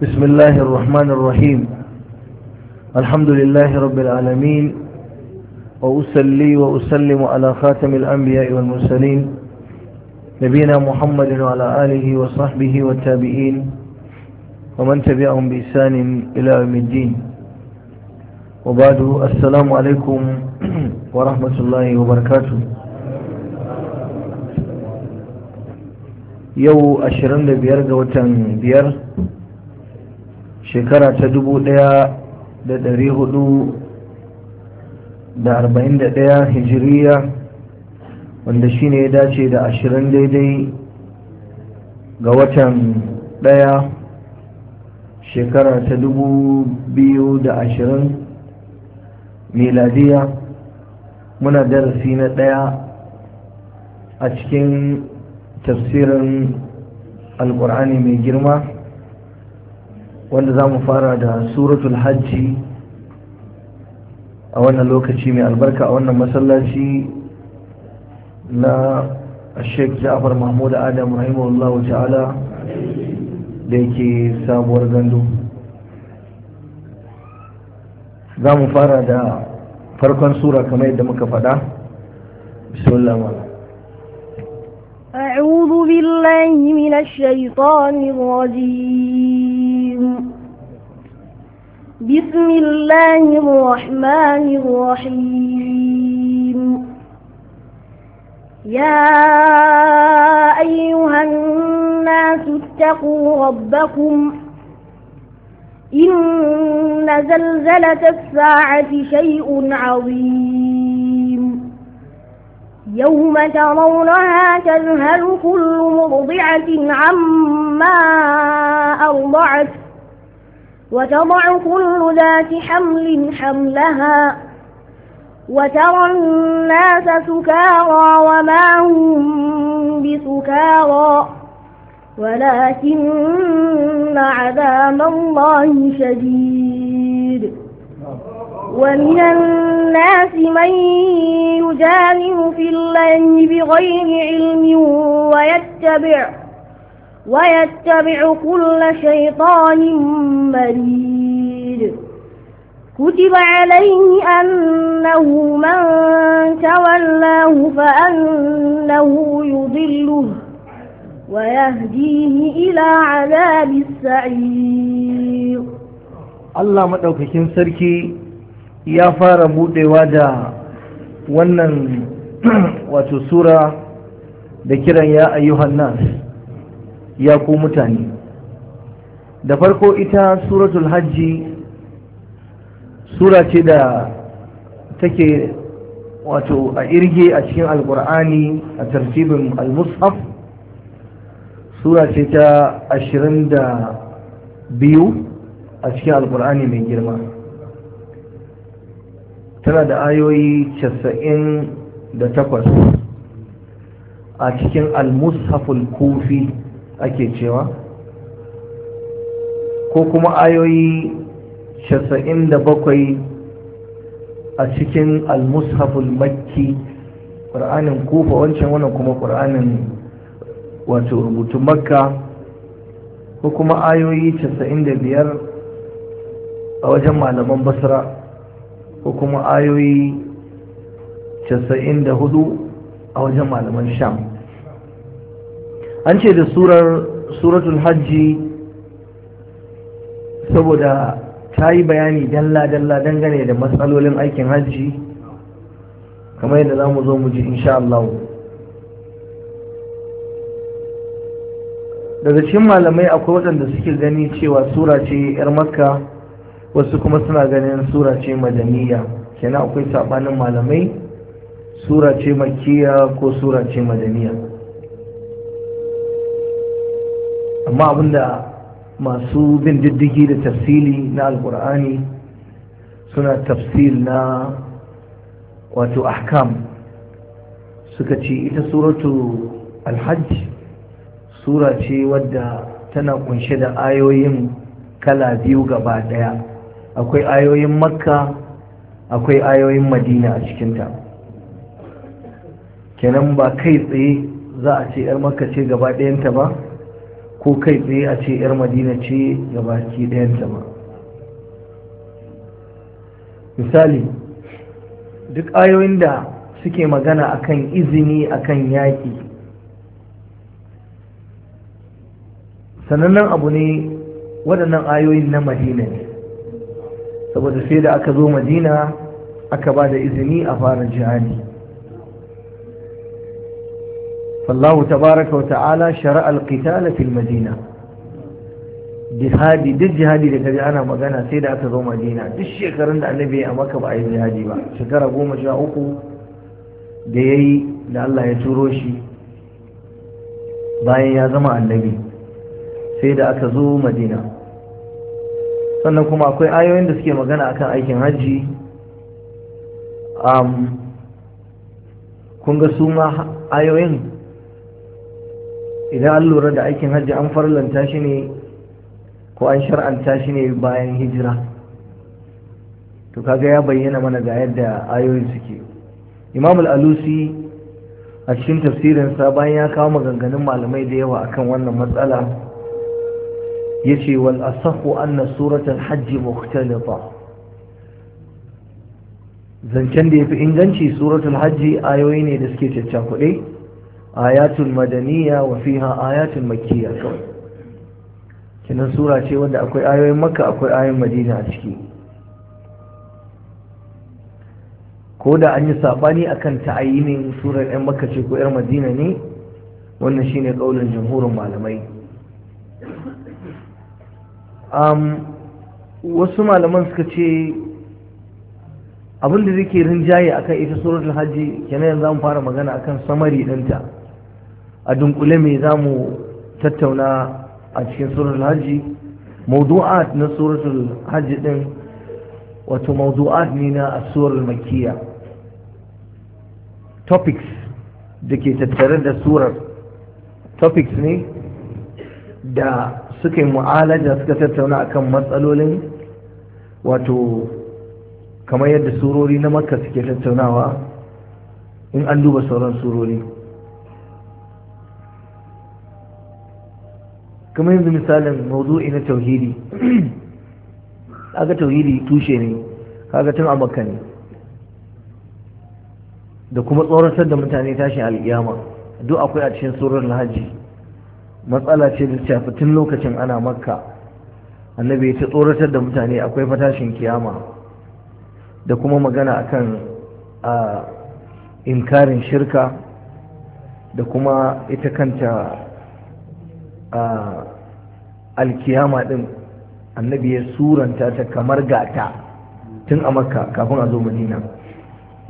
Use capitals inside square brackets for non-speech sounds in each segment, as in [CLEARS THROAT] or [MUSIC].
بسم الله الرحمن الرحيم الحمد لله رب العالمين وأسلي وأسلم على خاتم الأنبياء والمرسلين نبينا محمد وعلى آله وصحبه والتابعين ومن تبعهم بإحسان إلى يوم الدين وبعد السلام عليكم [CLEARS THROAT] ورحمة الله وبركاته يو أشرن بيرغ وتن بيرغ shekara ta dubu ɗaya da ɗari hudu da arba'in da ɗaya hijiriya wanda shi ne ya dace da ashirin daidai ga watan ɗaya shekara ta dubu biyu da ashirin miladiya muna darasi na ɗaya a cikin tafsirin alkur'ani mai girma wanda za mu fara da suratul hajji a wannan lokaci mai albarka a wannan masallaci na sheik ja'far mahmud adam rahimahullahu ta'ala da yake sabuwar gandu za mu fara da farkon sura kamar yadda muka faɗa bismillah أعوذ بالله من الشيطان الرجيم بسم الله الرحمن الرحيم يا أيها الناس اتقوا ربكم إن زلزلة الساعة شيء عظيم يوم ترونها تذهل كل مرضعة عما أرضعت وتضع كل ذات حمل حملها وترى الناس سكارى وما هم بسكارى ولكن عذاب الله شديد ومن الناس من يجادل في الله بغير علم ويتبع ويتبع كل شيطان مريد كتب عليه أنه من تولاه فأنه يضله ويهديه إلى عذاب السعير الله مدوكين سركي يا فار buɗewa da wannan wato sura da kiran ya ayyuhan nas ya ku mutane da farko ita suratul hajji sura ce da take wato a irge a cikin alkur'ani a tartibin al-mushaf sura ce ta biyu a cikin alkur'ani mai girma tana da ayoyi casa'in da takwas a cikin al al kufi ake cewa ko kuma ayoyi 97 a cikin al-mushaful makki ƙur'anin kufa wancan wannan kuma ƙur'anin wato rubutun makka ko kuma ayoyi 95 a wajen malaman basra ko kuma ayoyi 94 a wajen malaman sham an ce da surar suratul hajji saboda ta yi bayani dalla-dalla dangane da matsalolin aikin hajji kamar yadda za mu zo mu ji insha Allah daga cikin malamai akwai waɗanda suke gani cewa sura ce 'yar makka wasu kuma suna ganin sura ce madaniya kenan akwai saɓanin malamai sura ce makiya ko sura ce madaniya amma abinda masu bin diddigi da tafsili na alkur'ani suna tafsil na wato ahkam suka ce ita suratu alhajj sura ce wadda tana kunshe da ayoyin kala biyu gaba daya akwai ayoyin makka akwai ayoyin madina a cikinta kenan ba kai tsaye za a ce 'yar makka ce gaba ɗayanta ba ko kai tsaye a ce 'yar madina ce ga baki ɗayan ba misali duk ayoyin da suke magana akan izini akan yaƙi sanannen abu ne waɗannan ayoyin na madina ne saboda sai da aka zo madina aka ba da izini a fara jihadi فالله تبارك وتعالى شرع القتال في المدينة jihadi duk jihadi da kaji ana magana sai da aka zo madina duk shekarun da annabi ya maka ba a yi jihadi ba shekara goma sha uku da ya yi da allah ya turo shi bayan ya zama annabi sai da aka zo madina sannan kuma akwai ayoyin da suke magana akan aikin hajji kun ga suma ma ayoyin idan an lura da aikin hajji an farlanta shi ne ko an shar'anta shi ne bayan hijira to kaga ya bayyana mana ga yadda ayoyin suke imam al-alusi a cikin tafsirinsa bayan ya kawo maganganun malamai da yawa akan wannan matsala ya ce wal asahu anna suratul hajji mukhtalifa zancen da ya fi inganci suratul hajji ayoyi ne da suke kuɗe آيات مدنية وفيها آيات مكية كنا سورة kinan sura ce wanda akwai ayoyin makka akwai ayoyin madina a ciki ko da an yi saɓani akan ta'ayinin surar 'yan makka ce ko 'yar madina ne wannan shine ƙaunin jamhurin wasu malaman suka ce abinda zai ke rinjaye akan ita suratul hajji kenan yanzu an fara magana akan samari ɗinta a dunkule mai za mu tattauna a cikin suratul hajji mawdu'at na suratul hajji din wato mawdu'at ne na suratul makiyya? topics da ke tattare da surar topics ne da suka yi mu'alaja suka tattauna akan matsalolin wato kamar yadda surori na makka suke tattaunawa in an duba sauran surori kamar yanzu misalin mawdu'i na tauhidi aka tauhidi tushe ne kaga tun a makka ne da kuma tsoratar da mutane tashin alkiyama duk akwai a cikin surar lahaji. matsala ce da shafi tun lokacin ana makka annabi ya ta tsoratar da mutane akwai fatashin kiyama da kuma magana akan a inkarin shirka da kuma ita kanta alkiyama din annabi ya suranta ta kamar gata tun a makka kafin a zo madina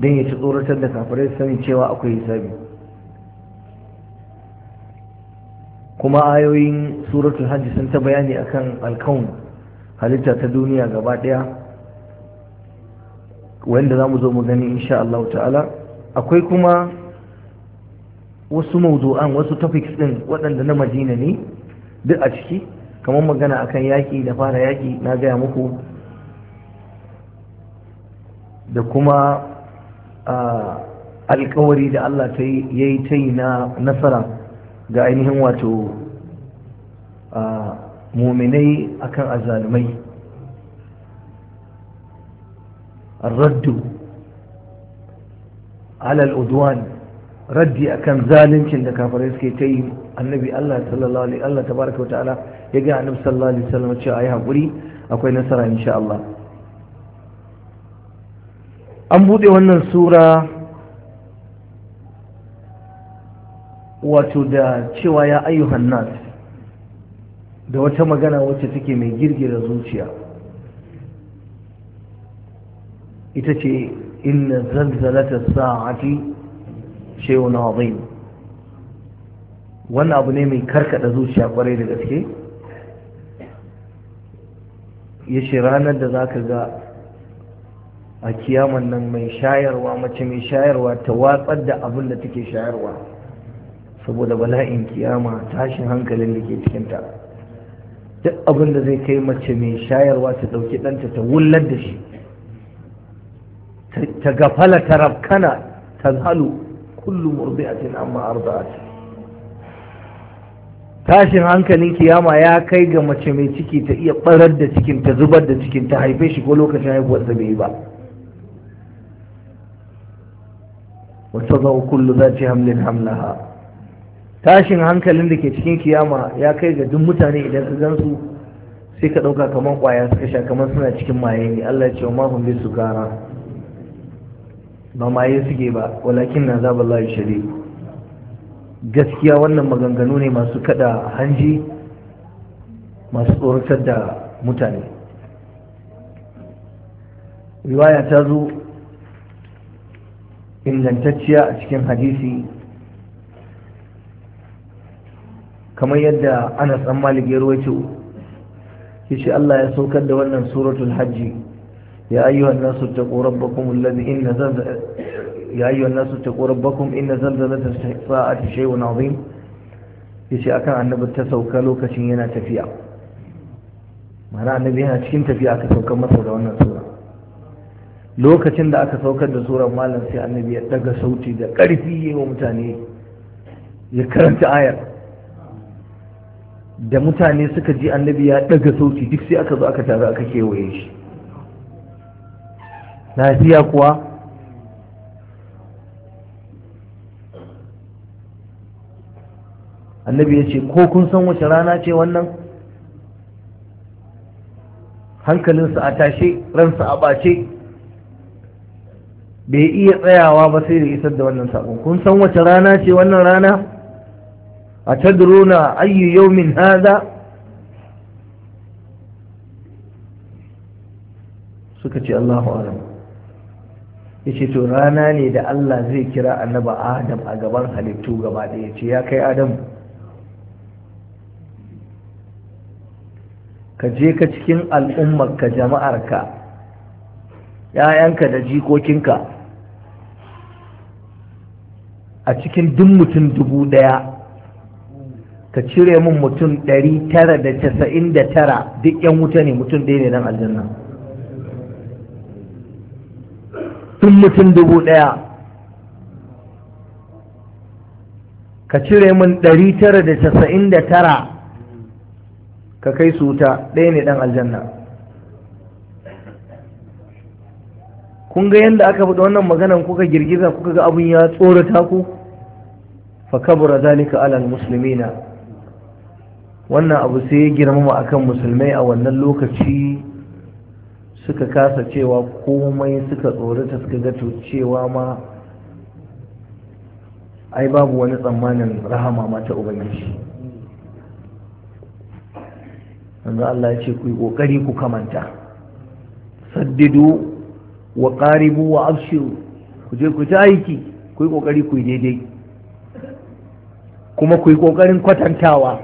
don ya ci tsoratar da kafirai sani cewa akwai hisabi kuma ayoyin suratul hajji sun ta bayani akan alkaun halitta ta duniya gaba daya wanda za mu zo mu gani insha Allah ta'ala akwai kuma wasu mawdu'an wasu topics din waɗanda na madina ne duk a ciki kamar magana akan yaƙi da fara yaƙi na gaya muku da kuma alkawari da Allah ya yi ta yi na nasara ga ainihin wato muminai akan azalumai raddu alal udwan raddi akan zaluncin da kafirai suke ta yi annabi Allah sallallahu alaihi Allah tabaraka ta'ala ya ga annabi sallallahu alaihi wasallam cewa ayi hakuri akwai nasara insha Allah an bude wannan sura wato da cewa ya ayyuhan nas da wata magana wacce take mai girgira zuciya ita ce inna zalzalata sa'ati shay'un azim wannan abu ne mai karkada zuciya kwarai da gaske ya shi ranar da za ka ga a kiyaman nan mai shayarwa mace mai shayarwa ta watsar da abin da take shayarwa saboda bala'in kiyama tashin hankalin da ke cikinta duk abin da zai kai mace mai shayarwa ta ɗauki ɗanta ta wullar da shi ta gafala ta rafkana ta zalu kullu murdi'atin amma arda'at tashin hankalin kiyama ya kai ga mace mai ciki ta iya barar da cikin ta zubar da cikin ta haife shi ko lokacin haihuwarsa bai yi ba wata zau kullu za ci hamlin hamlaha tashin hankalin da ke cikin kiyama ya kai ga duk mutane idan su gan su sai ka ɗauka kamar ƙwaya suka sha kamar suna cikin maye ne Allah ya ce wa mahun bi su gara ba maye suke ba walakin na zaba Allah shari gaskiya wannan maganganu ne masu kada hanji masu tsoratar da mutane riwaya ta zo ingantacciya a cikin hadisi kamar yadda ana an malik ya Allah ya saukar da wannan suratul hajji يا أيها الناس اتقوا ربكم الذي إن زلزل يا أيها الناس اتقوا ربكم إن زلزلة الساعة شيء عظيم يسي akan annabi ta sauka lokacin yana tafiya mana annabi yana cikin tafiya aka saukar masa da wannan sura lokacin da aka sauka da surar malam sai annabi ya daga sauti da ƙarfi da mutane suka ji annabi ya daga sauti duk sai aka zo aka taru aka kewaye shi lafiya kuwa annabi ya ce ko kun san wace rana ce wannan hankalinsa a tashe ransa a ɓace bai iya tsayawa ba sai da isar da wannan sabon. kun san wace rana ce wannan rana a tadruna ayyu yawmin hada suka ce Allahu a'lam yace to rana ne da Allah zai kira annaba adam a gaban halittu gaba da yace ce ya kai adam ka je ka cikin al'ummarka jama'arka ‘ya'yanka da jikokinka a cikin duk mutum dubu ɗaya ka cire min mutum ɗari tara da casa'in da tara duk ‘yan wuta ne mutum ɗaya ne nan aljanna Tun mutum dubu ɗaya ka cire min ɗari tara da casa'in da tara ka kai su wuta ɗaya ne ɗan aljanna kun ga yadda aka faɗi wannan maganan kuka girgiza kuka ga abin ya tsorata ku fa kabura zalika alal na. wannan abu sai ya girmama akan musulmai a wannan lokaci suka kasa cewa komai suka tsorata suka ga cewa ma ai babu wani tsammanin rahama mata ubangiji yanzu Allah ya ce ku yi ƙoƙari ku kamanta saddidu wa ƙaribu wa abshiru ku je ku ta aiki ku yi ƙoƙari ku yi daidai kuma ku yi ƙoƙarin kwatantawa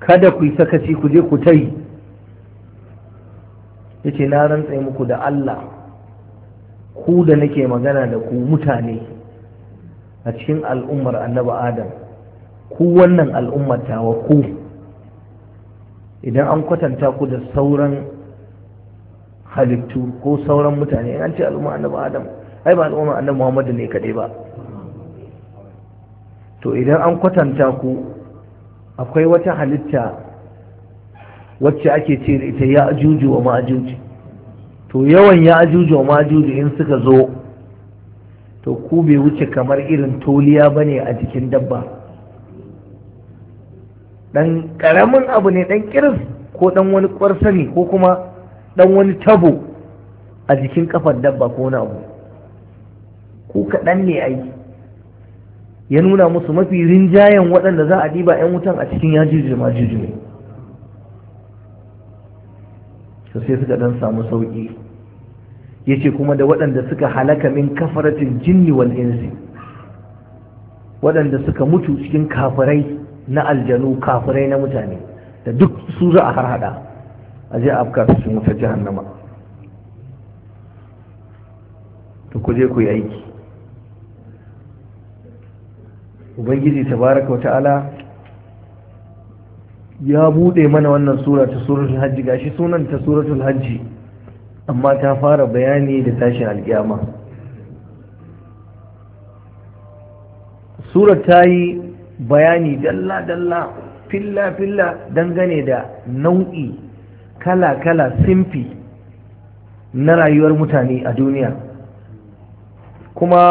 kada ku yi sakaci ku je ku ta yi ce na rantse muku da Allah ku da nake magana da ku mutane a cikin al'ummar annabi adam ku wannan al'ummar tawa ku idan an kwatanta ku da sauran halittu ko sauran mutane an ce al'ummar annabi adam ai ba al'ummar annabi muhammadu ne kaɗai ba to idan an kwatanta ku akwai wata halitta wacce ake ce da ita ya ajuju wa ma'ajuji to yawan ya ajuju wa ma'ajuji in suka zo to ku bai wuce kamar irin toliya ba ne a jikin dabba dan karamin abu ne dan kiris ko dan wani kwarsani ko kuma dan wani tabo a jikin kafar dabba ko wani abu ku kaɗan ne ai ya nuna musu mafi rinjayen waɗanda za a ɗiba 'yan wutan a cikin yajuju da majuju ne to sai suka dan samu sauki yace kuma da waɗanda suka halaka min kafaratin jinni wal insi waɗanda suka mutu cikin kafirai na aljanu kafirai na mutane da duk su za a harhaɗa a je afka su sun wuta jahannama to ku je ku yi aiki ubangiji tabaraka wa ta'ala ya bude mana wannan sura ta suratul hajji gashi sunan ta suratul hajji amma ta fara bayani da tashin alƙiyama surar ta yi bayani dalla-dalla filla-filla dangane da nau'i kala-kala simfi na rayuwar mutane a duniya kuma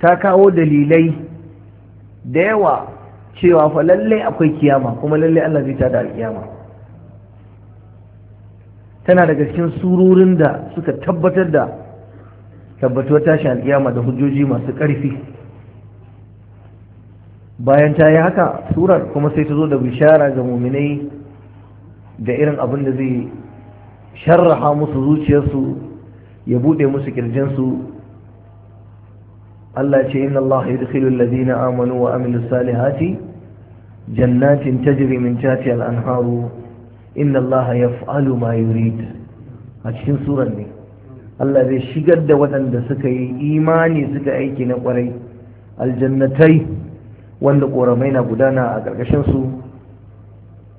ta kawo dalilai da yawa cewa fa lallai akwai kiyama kuma lallai Allah zai tada alkiyama tana daga cikin sururin da suka tabbatar da tabbatuwar tashin alkiyama da hujjoji masu ƙarfi bayan ta yi haka surar kuma sai ta zo da bishara ga muminai da irin abin da zai sharraha musu zuciyarsu ya buɗe musu kirjinsu Allah ce inna Allah yudkhilu alladhina amanu wa amilus salihati jannatin tajri min tahtiha al-anharu inna Allah yaf'alu ma yurid a cikin surar ne Allah zai shigar da waɗanda suka yi imani suka aiki na kwarai aljannatai wanda ƙoramai na gudana a ƙarƙashin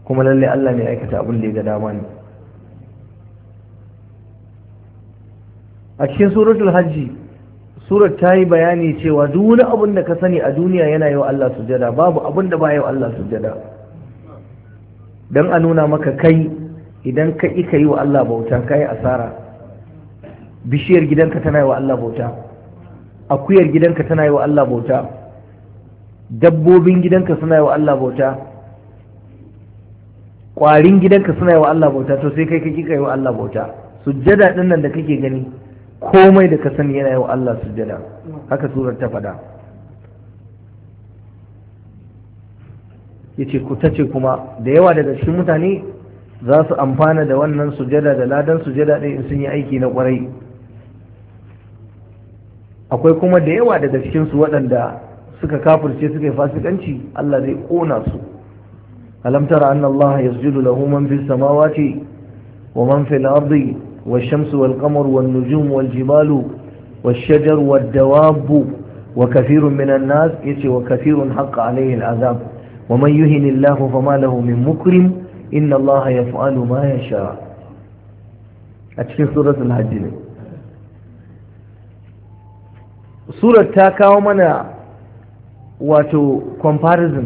kuma lalle Allah ne aikata abin da ya ga dama ne a cikin suratul hajji Surat ta yi bayani cewa duk wani abin da ka sani a duniya yana yi wa Allah sujada babu abin da ba yi wa Allah sujada don a nuna maka kai idan ka ika yi wa Allah bauta ka yi asara bishiyar gidanka tana yi wa Allah bauta akuyar gidanka tana yi wa Allah bauta dabbobin gidanka suna yi wa Allah bauta ƙwarin gidanka suna yi wa Allah bauta to sai kai ka kika yi wa Allah bauta sujjada ɗin nan da kake gani komai da ka sani yana yau Allah sujjada haka surar ta faɗa yace ku tace kuma da yawa daga cikin mutane za su amfana da wannan sujada da ladan sujada ɗin in sun yi aiki na ƙwarai akwai kuma da yawa daga cikin su waɗanda suka kafirce suka yi fasikanci Allah zai ƙona su alam tara anna Allah yasjudu lahu man fis samawati wa man fil والشمس والقمر والنجوم والجبال والشجر والدواب وكثير من الناس يتي وكثير حق عليه العذاب ومن يهن الله فما له من مكرم إن الله يفعل ما يشاء أتشكي سورة الحج سورة تاكاو منا واتو comparison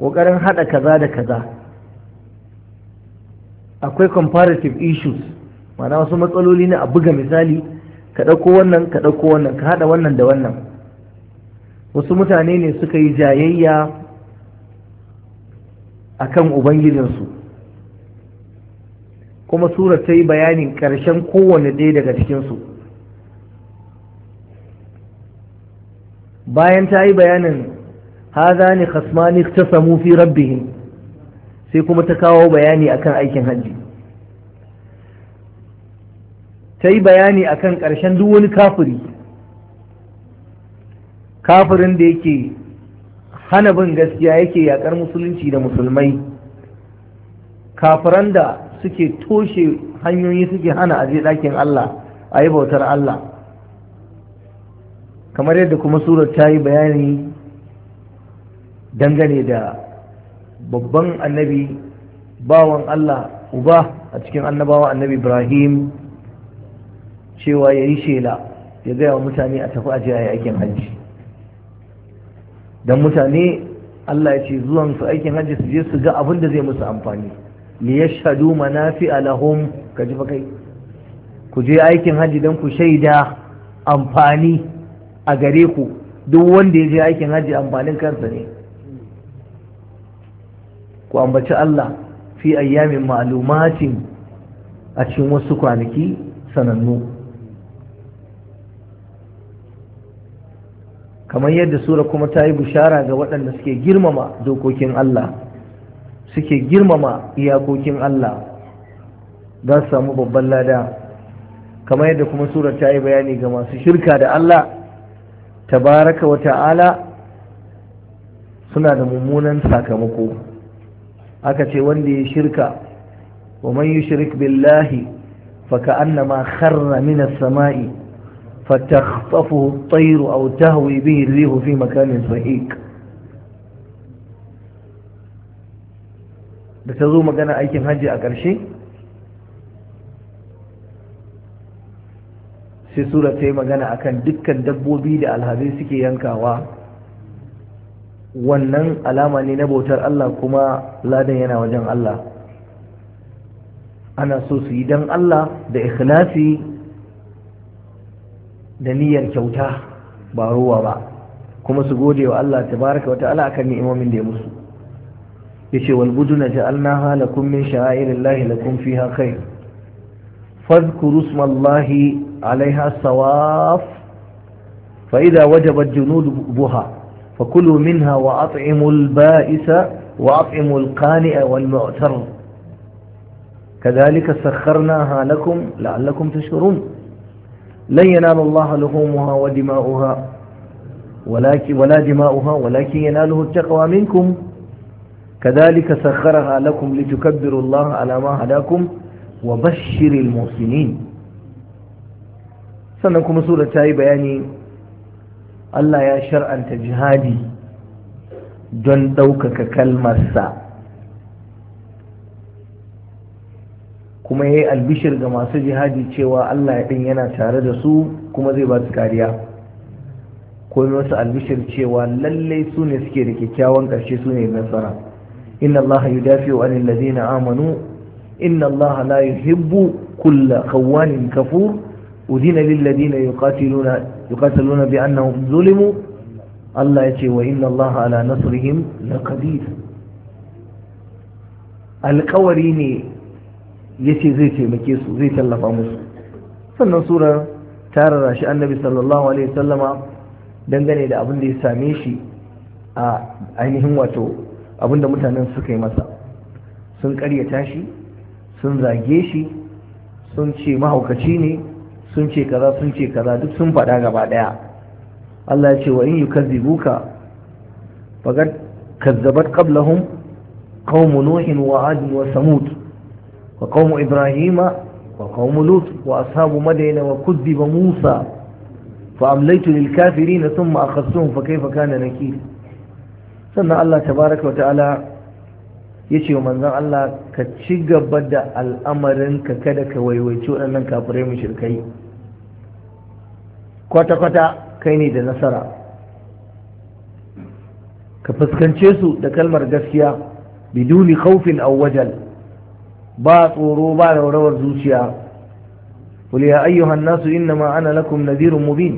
وقرن حدا كذا da kaza akwai comparative issues mana wasu matsaloli ne a buga misali ka ɗauko wannan ka ɗauko wannan ka haɗa wannan da wannan wasu mutane ne suka yi jayayya a kan ubangijinsu kuma sura ta yi bayanin ƙarshen kowane ɗaya daga cikinsu bayan ta yi bayanin haza ne khasmani ta samu fi rabbihim sai kuma ta kawo bayani akan aikin hajji ta yi bayani a kan ƙarshen duk wani kafiri kafirin da yake hana bin gaskiya yake yaƙar musulunci da musulmai kafiran da suke toshe hanyoyi suke hana a ɗakin Allah a yi bautar Allah kamar yadda kuma surar ta yi bayani dangane da babban annabi bawan Allah uba a cikin annabawa annabi Ibrahim cewa ya yi shela ya gaya wa mutane a tafi ajiya ya aikin hajji don mutane Allah ya ce zuwan su aikin hajji su je su ga abin da zai musu amfani ma na fi alahum ka ji kai ku je aikin hajji don ku shaida amfani a gare ku duk wanda ya je aikin hajji amfanin kansa ne ku ambaci Allah fi ayyamin ma'lumatin a cikin wasu kwanaki sanannu kamar yadda sura kuma ta yi bishara ga waɗanda suke girmama dokokin Allah suke girmama iyakokin Allah za su samu babban lada kamar yadda kuma sura ta yi bayani ga masu shirka da Allah tabaraka wa ta'ala suna da mummunan sakamako aka ce wanda ya shirka wa man yushrik billahi fa ka'annama kharra minas sama'i فتخطفه الطير أو تهوي به الريح في مكان da ta zo magana aikin hajji a ƙarshe sai sura ta yi magana akan dukkan dabbobi da alhazai suke yankawa wannan alama ne na bautar Allah kuma ladan yana wajen Allah ana so su yi don Allah da ikhlasi da niyyar kyauta ba ruwa ba kuma su gode wa Allah tabaraka wa ta'ala akan ni'imomin da ya musu yace wal buduna ja'alnaha lakum min sha'airillahi lakum fiha khair fadhkuru ismallahi 'alayha sawaf fa idha wajabat junuduha fakulu minha wa at'imul ba'isa wa at'imul qani'a wal mu'tar kadhalika sakharnaha lakum la'allakum tashkurun لن ينال الله لحومها ودماؤها ولكن ولا دماؤها ولكن يناله التقوى منكم كذلك سخرها لكم لتكبروا الله على ما هداكم وبشر المحسنين sannan kuma sura ta yi bayani Allah ya shar'anta jihadi don ɗaukaka kalmarsa kuma ya yi albishir ga masu jihadi cewa Allah ya ɗin yana tare da su kuma zai ba su kariya ko yi wasu albishir cewa lallai su ne suke da kyakkyawan ƙarshe su ne nasara inna Allaha yudafi wa anil ladina amanu inna Allaha la yuhibbu kulla khawanin kafur udina lil ladina yuqatiluna yuqataluna bi annahum zulimu Allah ya ce wa inna Allaha ala nasrihim laqadir alƙawari ne ya ce zai taimake su zai tallafa musu sannan surar ta shi annabi sallallahu alaihi sallama dangane da abin da ya same shi a ainihin wato abin da mutanen suka yi masa sun karyata shi sun zage shi sun ce mahaukaci ne sun ce kaza sun ce kaza duk sun faɗa gaba ɗaya Allah ya ce wa in ka faqad kazzabat qablahum qaumun nuhin wa ad wa samud wa kaumu ibrahima wa kaumu lut wa ashabu madaina wa kudzi ba musa fa amlaitu lil kafirin thumma a fa fakaifaka kana naki sannan Allah tabaaraka wa ta'ala yace wa manzon Allah ka ci gaba da al'amarin ka kada ka waiwaye wannan kafirai mu shirkai kwata kwata kai ne da nasara ka fuskance su da kalmar gaskiya biduni khawfin aw wajal ba tsoro ba raurawar zuciya qul ya ayyuhan nasu innama ana lakum nadhirun mubin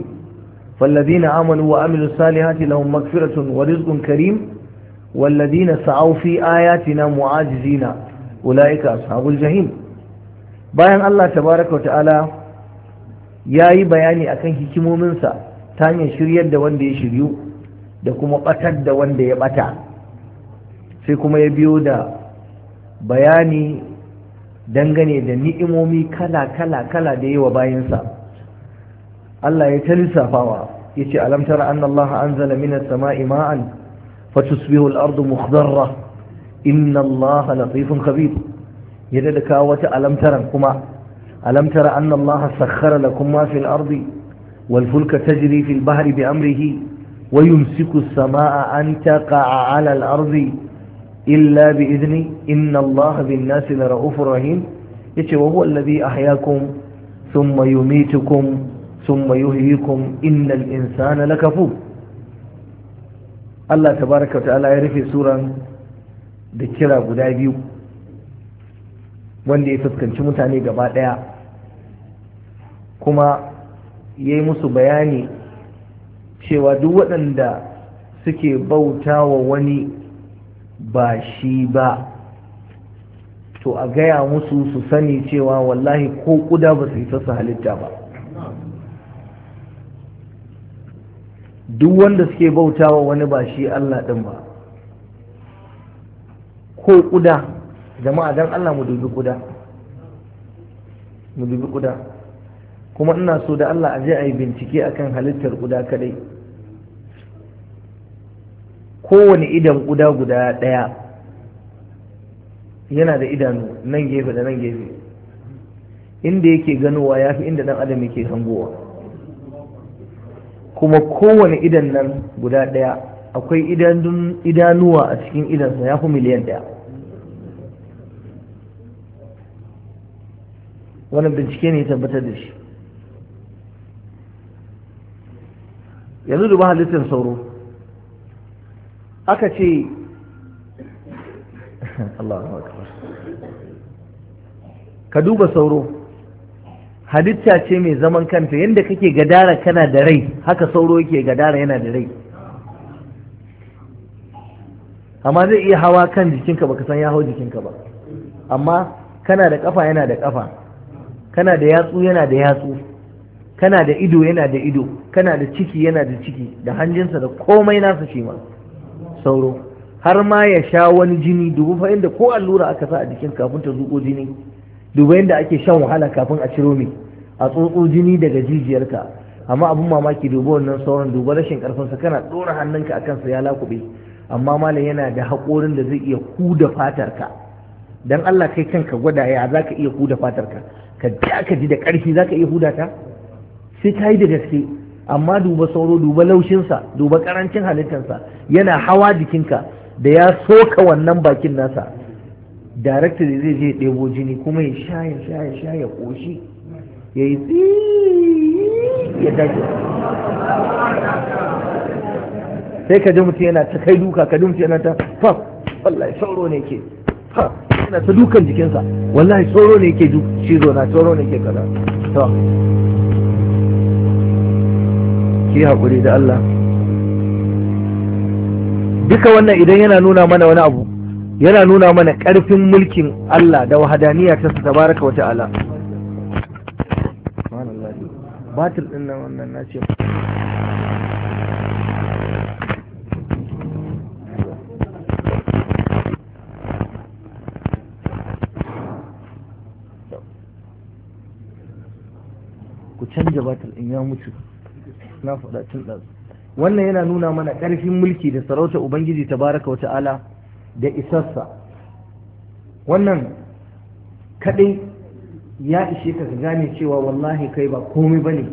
فالذين آمنوا وعملوا الصالحات لهم مغفرة ورزق كريم والذين سعوا في آياتنا معاجزين أولئك أصحاب الجحيم bayan Allah tabaraka wata'ala ya yi bayani akan hikimominsa ta hanyar shiryar da wanda ya shiryu da kuma batar da wanda ya ɓata, sai kuma ya biyo da bayani dangane da ni'imomi kala kala kala da yawa bayansa Allah ya ta lissafawa Ya ce Alamtara, anna Allah anzala minas sama'i ma'an fatusbihu al-ardu mukhdarra inna Allah latifun khabir yadda da kawo wata alamtaran kuma alamtara annallaha, Allah sakhkhara lakum ma fil ardi wal fulka tajri fil bahri bi amrihi sama'a an أن a على arzi. illa bi izni inna Allah bin nasi ra'ufur rahim yace wa huwa alladhi ahyaakum thumma yumitukum thumma yuhyikum innal insana lakafur Allah Ta baraka ta'ala ya rufe suran da kira guda biyu wanda ya fuskanci mutane gaba ɗaya, kuma ya yi musu bayani cewa duk waɗanda suke bauta wa wani ba shi ba to a gaya musu su sani cewa wallahi ko kuda ba su yi su halitta ba duk wanda suke bautawa wani ba shi Allah ɗin ba ko kuda jama'a don Allah mu dubi kuda mu dubi kuda kuma ina so da Allah a je a yi bincike akan halittar kuda kadai kowane idan guda guda ɗaya yana da idanu nan gefe da nan gefe inda yake ganowa ya fi inda ɗan adam yake hangowa kuma kowane idan nan guda ɗaya akwai idanuwa a cikin idansa ya fi miliyan ɗaya wani bincike ne tabbatar da shi yanzu duba halittar sauro aka ce Allah ka duba sauro halitta ce mai zaman kanta yadda kake gadara kana da rai haka sauro yake gadara yana da rai amma zai iya hawa kan jikinka baka san ya hau jikinka ba amma kana da kafa yana da kafa kana da yatsu yana da yatsu kana da ido yana da ido kana da ciki yana da ciki da hanjinsa da komai nasa shi ma sauro har ma ya sha wani jini dubu fa inda ko allura aka sa a jikin kafin ta zuƙo jini dubu inda ake shan wahala kafin a ciro mai a tsotso jini daga jijiyarka amma abin mamaki dubu wannan sauran dubu rashin sa kana ɗora hannunka akan sa ya lakube amma malam yana da haƙorin da zai iya fatar fatarka dan Allah kai kanka gwada ya za ka iya kuda fatarka ka ji aka ji da ƙarfi za ka iya huda ta sai ta yi da gaske amma duba sauro duba laushinsa duba karancin halittarsa yana hawa jikinka da ya soka wannan bakin nasa director zai je ɗebo jini kuma ya sha ya sha ya ƙoshi ya yi ya dace sai ka ji mutum yana ta kai duka ka ji mutum yana ta fam wallahi sauro ne ke fam yana ta dukan jikinsa wallahi sauro ne ke zo na sauro ne ke kaza to ki haƙuri da Allah duka wannan idan yana nuna mana wani abu yana nuna mana ƙarfin mulkin Allah da wahadaniya ta tabaraka wa ta'ala batir din nan wannan na ce ku canja batir din ya mutu na faɗa tun ɗansu wannan yana nuna mana ƙarfin mulki da sarauta ubangiji tabaraka wa ta'ala da isarsa wannan kaɗai ya ishe ka gane cewa wallahi kai ba komai ba ne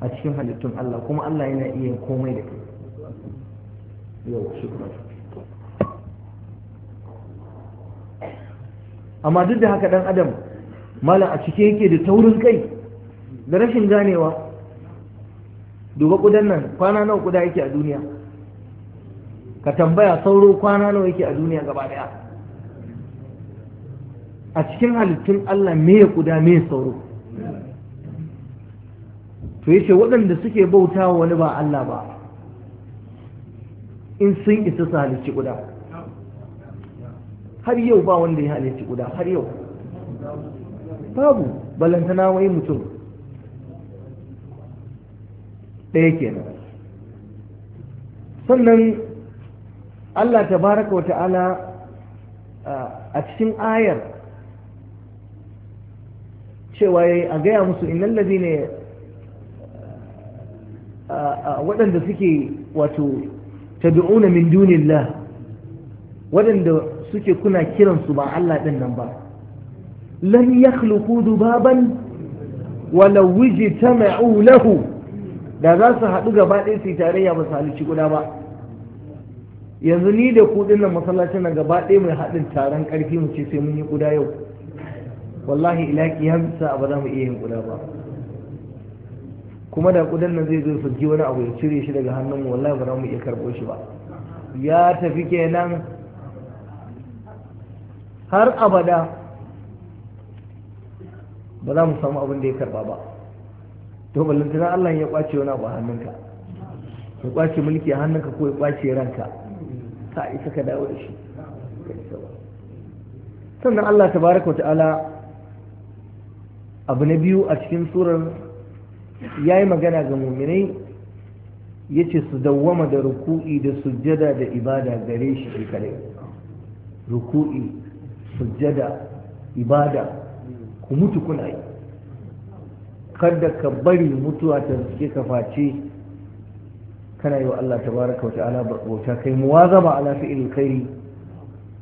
a cikin halittun Allah kuma Allah yana iya komai da kai yau amma duk da haka dan adam malam a cike yake da taurin kai da rashin ganewa duba kudan nan kwana nawa kuda yake a duniya ka tambaya sauro kwana nawa yake a duniya gaba daya a cikin halittun Allah me ya kuda me sauro to yace waɗanda suke bauta wani ba Allah ba in sun isa su halicci guda har yau ba wanda ya halicci guda har yau babu balantana wai mutum ɗaya kenan sannan Allah tabaraka wata'ala a cikin ayar cewa a gaya musu innan lazi ne waɗanda suke wato tabi'una min dunillah waɗanda suke kuna kiransu ba Allah ɗin nan ba lan yakhluqu dubaban walau wujtama'u lahu da za su haɗu gaba ɗaya su yi tarayya ba su halicci guda ba yanzu ni da kuɗin dinnan masallacin na gaba ɗaya mai haɗin taron ƙarfi mu ce sai mun yi guda yau wallahi ila kiyamsa ba za mu iya yin guda ba kuma da kudan nan zai zo su ji wani abu ya cire shi daga hannun mu wallahi ba za mu iya karɓo shi ba ya tafi kenan har abada ba za mu samu abin da ya karɓa ba to ballantana Allah ya kwace wani abu a hannunka ya kwace mulki a hannunka ko ya kwace ranka ka isa ka dawo da shi sannan Allah tabaraka wa ta'ala abu na biyu a cikin surar ya yi magana ga muminai ya ce su dawwama da ruku'i da sujjada da ibada gare shi shi kare ruku'i sujjada ibada ku mutu kuna yi kada ka bari mutuwa ta suke ka face kana yi wa Allah tabaraka wa ta'ala bauta kai muwazaba ala fi'il khairi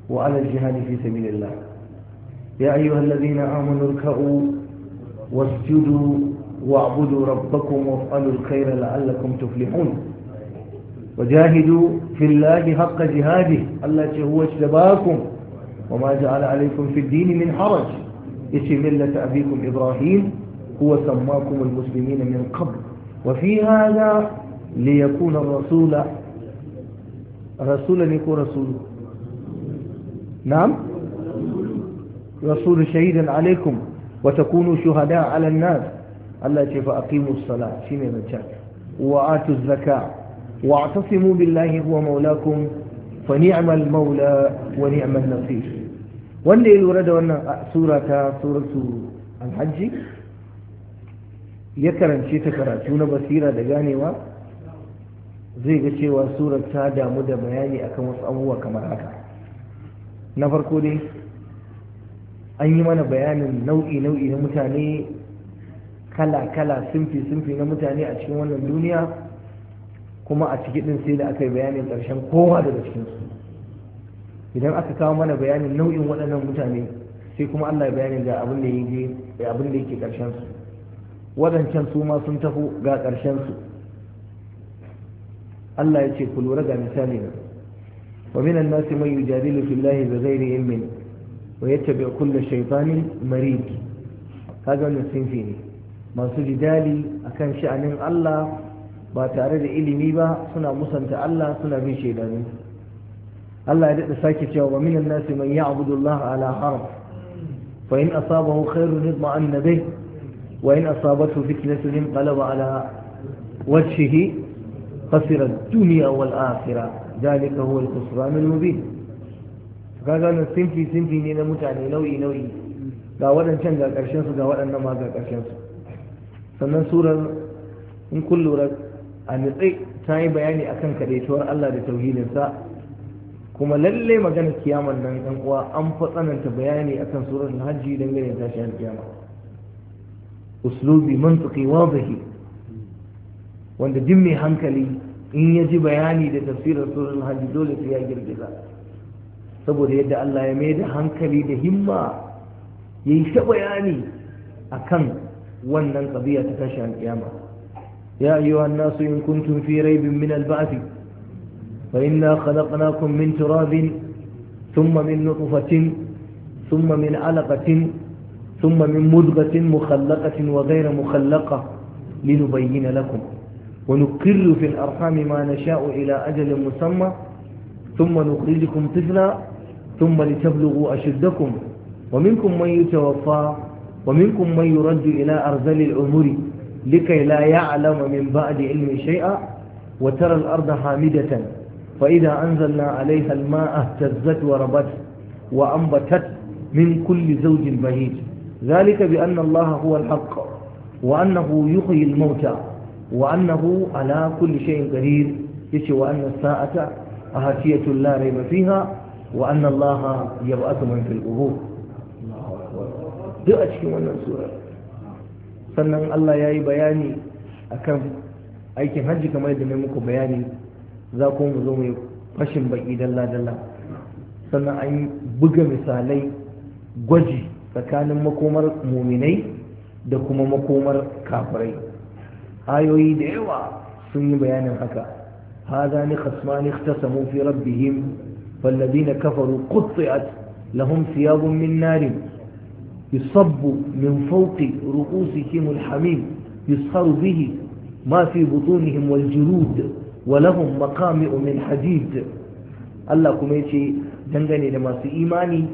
wa ala jihadi fi sabilillah ya ayyuhal ladina amanu ruk'u wasjudu wa'budu rabbakum wa'malu وافعلوا الخير لعلكم تفلحون وجاهدوا في الله حق جهاده التي هو اجتباكم وما جعل عليكم في الدين من حرج اسم ملة أبيكم إبراهيم هو سماكم المسلمين من قبل وفي هذا ليكون الرسول رسولا يكون رسول نعم رسول شهيدا عليكم وتكونوا شهداء على الناس التي فأقيموا الصلاة شيني رجال وآتوا الزكاة واعتصموا بالله هو مولاكم فنعم المولى ونعم النصير wanda ورد lura سورة سورة sura ya karance ta karatu na basira da ganewa zai ga cewa surar ta damu da bayani akan wasu abubuwa kamar haka na farko dai an yi mana bayanin nau'i-nau'i na mutane kala-kala sunfi-sunfi na mutane a cikin wannan duniya kuma a ciki ɗin sai da aka yi bayanin ƙarshen kowa daga cikinsu idan aka kawo mana bayanin nau'in waɗannan mutane sai kuma allah ya bayanin ga abin da yake ƙarshen su waɗancan su ma sun taho ga ƙarshensu Allah ya ce ku lura ga misali ne wa minan nasi man yujadilu fillahi bi ghairi ilmin wa yattabi kulla shaytanin marid kaga wannan sinfi ne masu jidali akan sha'anin Allah ba tare da ilimi ba suna musanta Allah suna bin shaidanu Allah ya daɗe sake cewa wa minan nasi man ya'budu Allah ala harf fa in asabahu khairun yadma an وإن أصابته فتنة انقلب على وجهه خسر الدنيا والآخرة ذلك هو الخسران المبين kaga nan simfi simfi ne na mutane nau'i nau'i ga waɗancan ga ƙarshen su ga waɗannan ma ga ƙarshen su sannan surar in kun lura a nitsai ta yi bayani akan kadaituwar Allah da tauhidinsa kuma lallai maganar kiyaman nan ɗan uwa an fa tsananta bayani akan surar hajji dangane da tashin kiyama uslubi mantuki wadahi wanda duk mai hankali in ya ji bayani da tafsirar surar hajji dole su ya girgiza saboda yadda Allah ya mai da hankali da himma ya yi ta bayani a kan wannan ƙabiya ta tashi alƙiyama ya ayyuha nasu in kuntum fi raibin min al-ba'thi fa inna khalaqnakum min turabin thumma min nutfatin thumma min alaqatin ثم من مدغة مخلقة وغير مخلقة لنبين لكم ونقر في الأرحام ما نشاء إلى أجل مسمى ثم نخرجكم طفلا ثم لتبلغوا أشدكم ومنكم من يتوفى ومنكم من يرد إلى أرزل العمر لكي لا يعلم من بعد علم شيئا وترى الأرض حامدة فإذا أنزلنا عليها الماء اهتزت وربت وأنبتت من كل زوج بهيج ذلك بأن الله هو الحق وأنه يحيي الموتى وأنه على كل شيء قدير يشي وأن الساعة أهاتية لا ريب فيها وأن الله يبعث من في القبور duk a cikin wannan sura sannan Allah ya yi bayani akan aikin hajji kamar yadda mai muku bayani za kuma mu zo mu yi fashin baki dalla dalla sannan buga misalai gwaji tsakanin makomar muminai da kuma makomar kafirai ayoyi da yawa sun yi bayanin haka hada ni khasmani ikhtasamu fi rabbihim فالذين كفروا قطعت لهم ثياب من نار يصب من فوق رؤوسهم الحميم يسخر به ما في بطونهم والجلود dangane da masu imani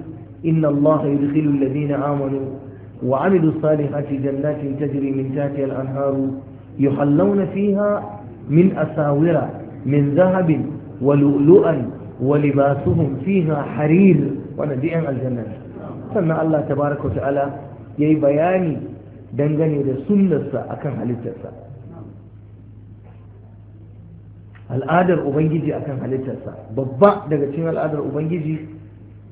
إن الله يدخل الذين آمنوا وعملوا الصالحات جنات تجري من تحتها الأنهار يحلون فيها من أساور من ذهب ولؤلؤا ولباسهم فيها حرير ونبيئا الجنة سنة الله تبارك وتعالى يي بياني دنغني da sunnarsa akan halittarsa al'adar ubangiji akan halittarsa babba daga cikin al'adar ubangiji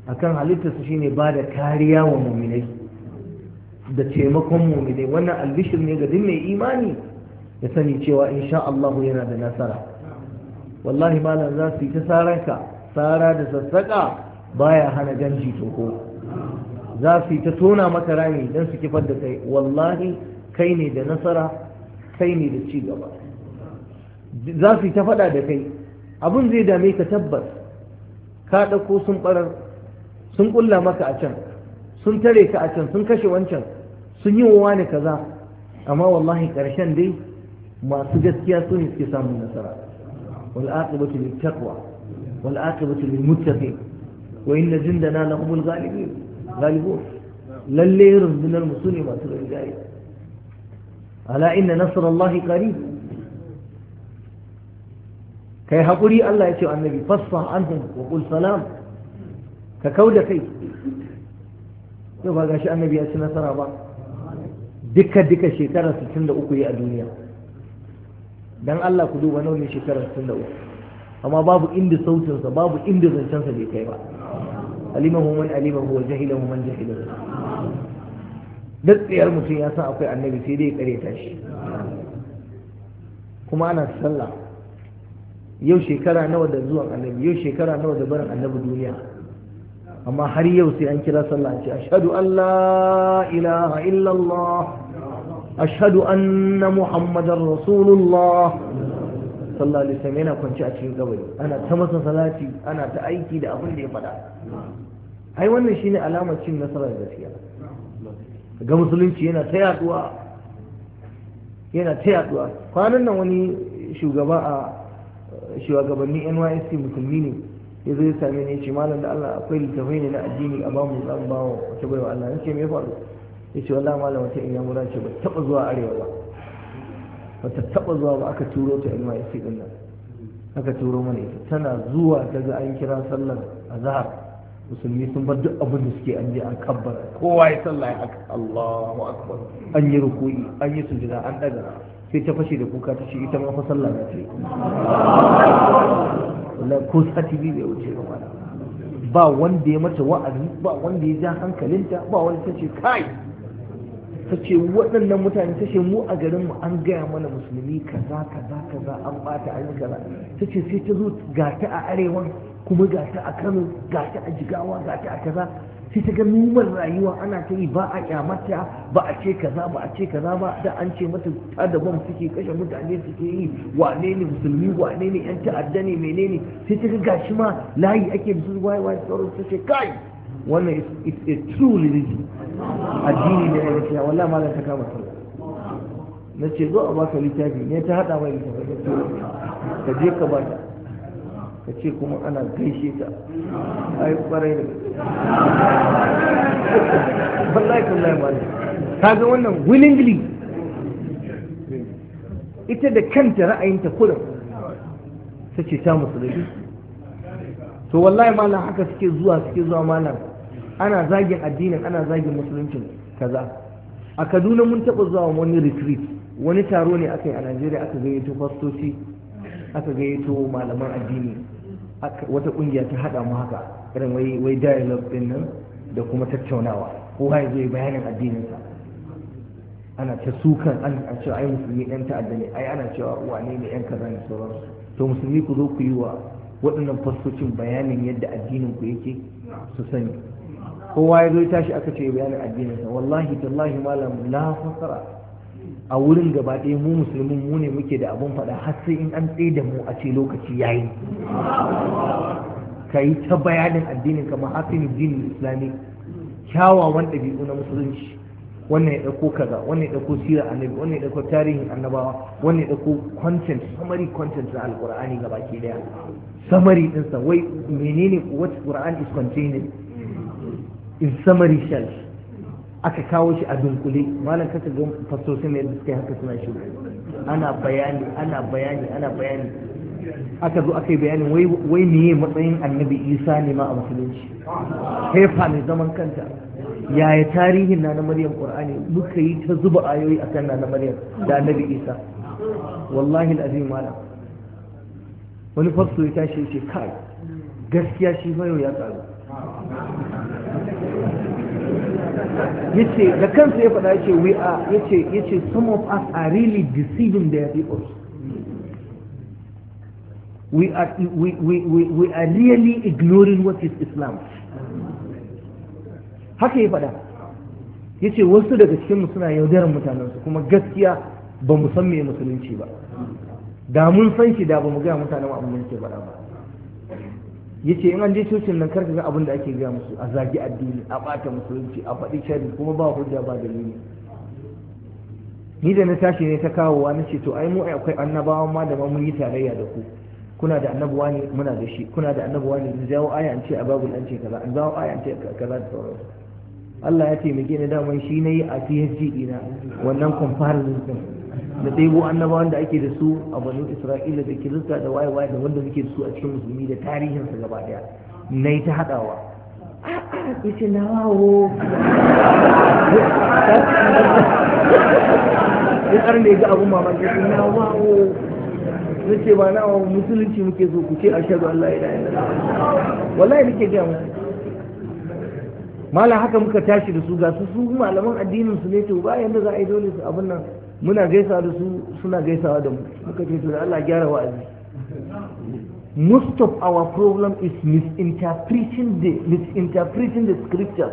akan halittarsa shine ba da kariya wa muminai da taimakon muminai wannan albishir ne ga duk mai imani ya sani cewa insha Allah yana da nasara wallahi malam za su yi ta saranka tsara da sassaƙa baya hana ganji toko za su yi ta tona maka rami don su kifar da kai wallahi kai ne da nasara kai ne da ci gaba za su yi ta faɗa da kai Abun zai dame ka tabbas ka ɗauko sun ɓarar sun ƙulla maka a can sun tare ka a can sun kashe wancan sun yi wa ne kaza amma wallahi ƙarshen dai masu gaskiya su ne suke samun nasara wal aqibatu lit taqwa wal aqibatu lil muttaqin wa inna jindana lahumul ghalibin ghalibun lalle rundunar mu su ne masu rinjaye ala inna nasrallahi qarib kai hakuri Allah ya ce annabi fassa anhum wa qul salam ka kau da kai sai ba gashi annabi ya ci nasara ba duka duka shekara 63 yi a duniya dan Allah ku duba nauyin shekara 63 amma babu inda sautinsa babu inda zancensa bai kai ba alimahu man alimahu wa jahilahu man jahilahu duk tsayar mutum ya san akwai annabi sai dai ta shi kuma ana sallah yau shekara nawa da zuwan annabi yau shekara nawa da barin annabi duniya amma har yau sai an kira sallah ce ashhadu an la ilaha illallah ashhadu anna muhammadar rasulullah sallallahu alaihi wasallam yana kwance a cikin kabari ana ta masa salati ana ta aiki da abin da ya faɗa ai wannan shine alamar cin nasarar gaskiya ga musulunci yana ta yaduwa yana ta yaduwa kwanan nan wani shugaba a shugabannin NYSC musulmi ne ya zo ya same ce malam da Allah akwai littafai ne na addini a bamu zan bawo wata baiwa Allah ya ce me faru ya ce wallahi malam wata in yamura ce ba taba zuwa arewa ba ba ta taba zuwa ba aka turo ta ilma isi din nan aka turo mana ita tana zuwa ta ga an kira sallar azhar musulmi sun bar duk abin da suke an je an kabbara kowa ya sallah ya aka Allahu akbar an yi ruku'i an yi sujada an daga sai ta fashe da kuka ta ce ita ma fa sallah ta ce. ko sati biyu bai wuce ba ba wanda ya mata wa'azi ba wanda ya ja hankalinta ba wanda ta ce kai ta ce waɗannan mutane ta ce mu a garinmu an gaya mana musulmi kaza kaza kaza an bata an kaza ta ce sai ta zo ga ta a arewa kuma ga ta a kano ga ta a jigawa ga ta a kaza sai ta ga rayuwa ana ta yi ba a kyamata ba a ce kaza ba a ce kaza ba da an ce mata ta da bam suke kashe mutane suke yi wane ne musulmi wane ne yan ta'adda ne menene sai ta ga gashi ma layi ake bisu waye waye sauran ta ce kai wannan is a true religion addini ne ya ce wallahi malam ta kama sallah na ce zo a baka littafi ne ta hada mai littafi ka je ka bata ka ce kuma ana gaishe ta ai kwarai da wallahi kullahi ba ta ga wannan willingly ita da kanta ra'ayinta kudin ta ce ta musulmi to wallahi malam haka suke zuwa suke zuwa malam ana zagin addinin ana zagin musuluncin kaza a kaduna mun taɓa zuwa wani retreat wani taro ne aka yi a najeriya aka gayyato fastoci aka gayyato malaman addini wata kungiya ta hada mu haka irin wai wai dialogue din nan da kuma tattaunawa kowa ya zai bayanin addininsa ana ta sukan an ce ai musulmi yan ta'adda ne ai ana cewa wane ne yan kaza ne su to musulmi ku zo ku yi wa waɗannan fastocin bayanin yadda addinin ku yake su sani kowa ya zo tashi aka ce bayanin addinin sa wallahi tallahi malam na fasara a wurin gaba ɗaya mu musulmin mu ne muke da abun faɗa har sai in an tsaye da mu a ce lokaci yayi ka yi ta bayanin addinin ka kamar hafin dinin islami kyawawan ɗabi'u na musulunci wannan ya ɗauko kaza wannan ya ɗauko sira annabi wannan ya ɗauko tarihin annabawa wannan ya ɗauko content summary content na alƙur'ani gaba ke daya summary ɗinsa wai menene what Qur'an is containing in summary shells aka kawo shi a dunkule malam kasa ga fasosin ne da suka yi haka suna shi ana bayani ana bayani ana bayani aka zo aka yi bayanin wai meye matsayin annabi isa ne ma a musulunci haifa mai zaman kanta yaya tarihin na na maryam qur'ani muka yi ta zuba ayoyi akan na na maryam da annabi isa wallahi azim malam wani fasto ya tashi ya ce kai gaskiya shi fa ya tsaro. yace da kansa ya faɗa yace we are yace yace some of us are really deceiving their people we are we, we, we, we are really ignoring what is Islam haka ya faɗa yace wasu daga cikin mu suna yaudarar su kuma gaskiya ba mu san me musulunci ba da mun san shi da ba mu ga mutanen abin da ke faɗa ba yace in an je cocin nan karka ga abin da ake gaya musu a zagi addini a bata musulunci a faɗi shari kuma ba hujja ba dalili ni da na tashi ne ta kawo na ce to ai mu akwai annabawan ma da ma mun yi tarayya da ku kuna da annabuwa ne muna da shi kuna da annabuwa ne in jawo aya an ce a babu an ce kaza an jawo aya an ce kaza da sauransu Allah ya taimake ni daman shi yi a PhD dina wannan comparison da ɗebo annabawan da ake da su a banu isra'ila da kirista da waye waye da wanda muke da su a cikin musulmi da tarihinsa gaba ɗaya na yi ta haɗawa ya ce na wawo ya ƙarin da ga abin mamaki ya na wawo na ce ba na wawo musulunci muke so ku ce a shaɗu Allah ya da'ayi wallahi nake gaya musu mala haka muka tashi da su ga su su malaman addinin su ne to ba yanda za a yi dole su abin nan muna gaisawa da su suna gaisawa da mu muka ce to da Allah gyara wa'azi most of our problem is misinterpreting the misinterpreting the scriptures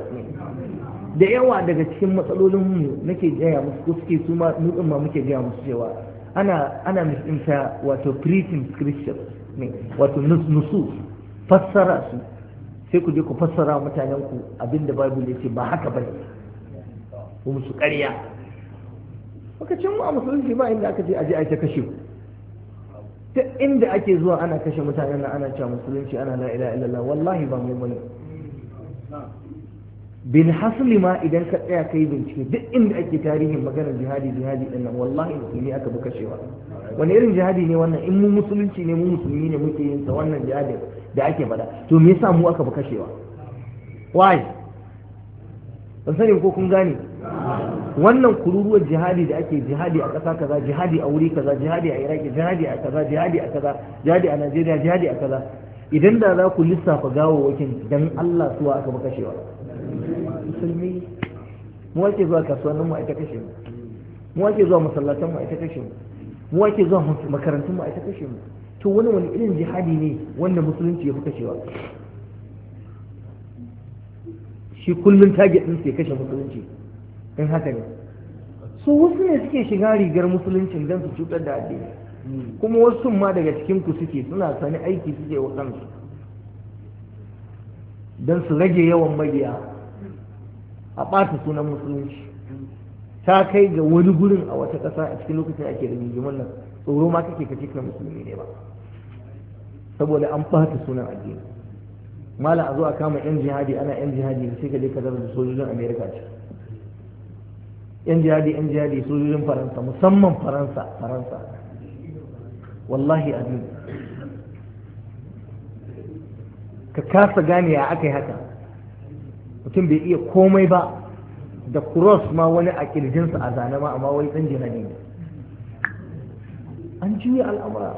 da yawa daga cikin matsalolin mu nake gaya musu ko suke su ma mu ma muke gaya musu cewa ana ana misinta wato preaching scriptures ne wato nusu fassara su sai ku je ku fassara mutanen ku abinda bible yake ba haka bane ku musu ƙarya baka can mu a musulunci ba inda aka je aje ake kashe ku ta inda ake zuwa ana kashe mutanen na ana cewa musulunci ana la ilaha illallah wallahi ba mu bane bin hasli ma idan ka tsaya kai bincike duk inda ake tarihin maganar jihadi jihadi din nan wallahi musulmi aka bi kashewa wani irin jihadi ne wannan in mu musulunci ne mu musulmi ne muke yin sa wannan jihadi da ake faɗa to me yasa mu aka bi kashewa why ban sani ko kun gane wannan kururuwar jihadi da ake jihadi a ƙasa kaza jihadi a wuri kaza jihadi a iraki jihadi a kaza jihadi a kaza jihadi a najeriya jihadi a kaza idan da za ku lissafa gawawakin dan allah suwa aka baka shewa musulmi mu ake zuwa kasuwannin mu ita kashe mu mu ake zuwa masallatan mu ita kashe mu mu ake zuwa makarantun mu ita kashe mu to wani wani irin jihadi ne wanda musulunci ya fi kashewa shi kullum target ɗin sai kashe musulunci in haka ne su wasu ne suke shiga rigar musuluncin don su cutar da addini kuma wasu ma daga cikin ku suke suna sani aiki suke wa kansu don su rage yawan mabiya a ɓata sunan musulunci ta kai ga wani gurin a wata ƙasa a cikin lokacin ake da rigimin nan tsoro ma kake kace kai musulmi ne ba saboda an ɓata sunan addini malam a zo a kama yan jihadi ana yan jihadi sai ka je ka zama da sojojin amerika ce yan jihadi yan jihadi sojojin faransa musamman faransa faransa wallahi abin ka kasa gane ya aka yi haka mutum bai iya komai ba da cross ma wani a kirjinsa a zane ma amma wai ɗan jihadi ne an juya al'amura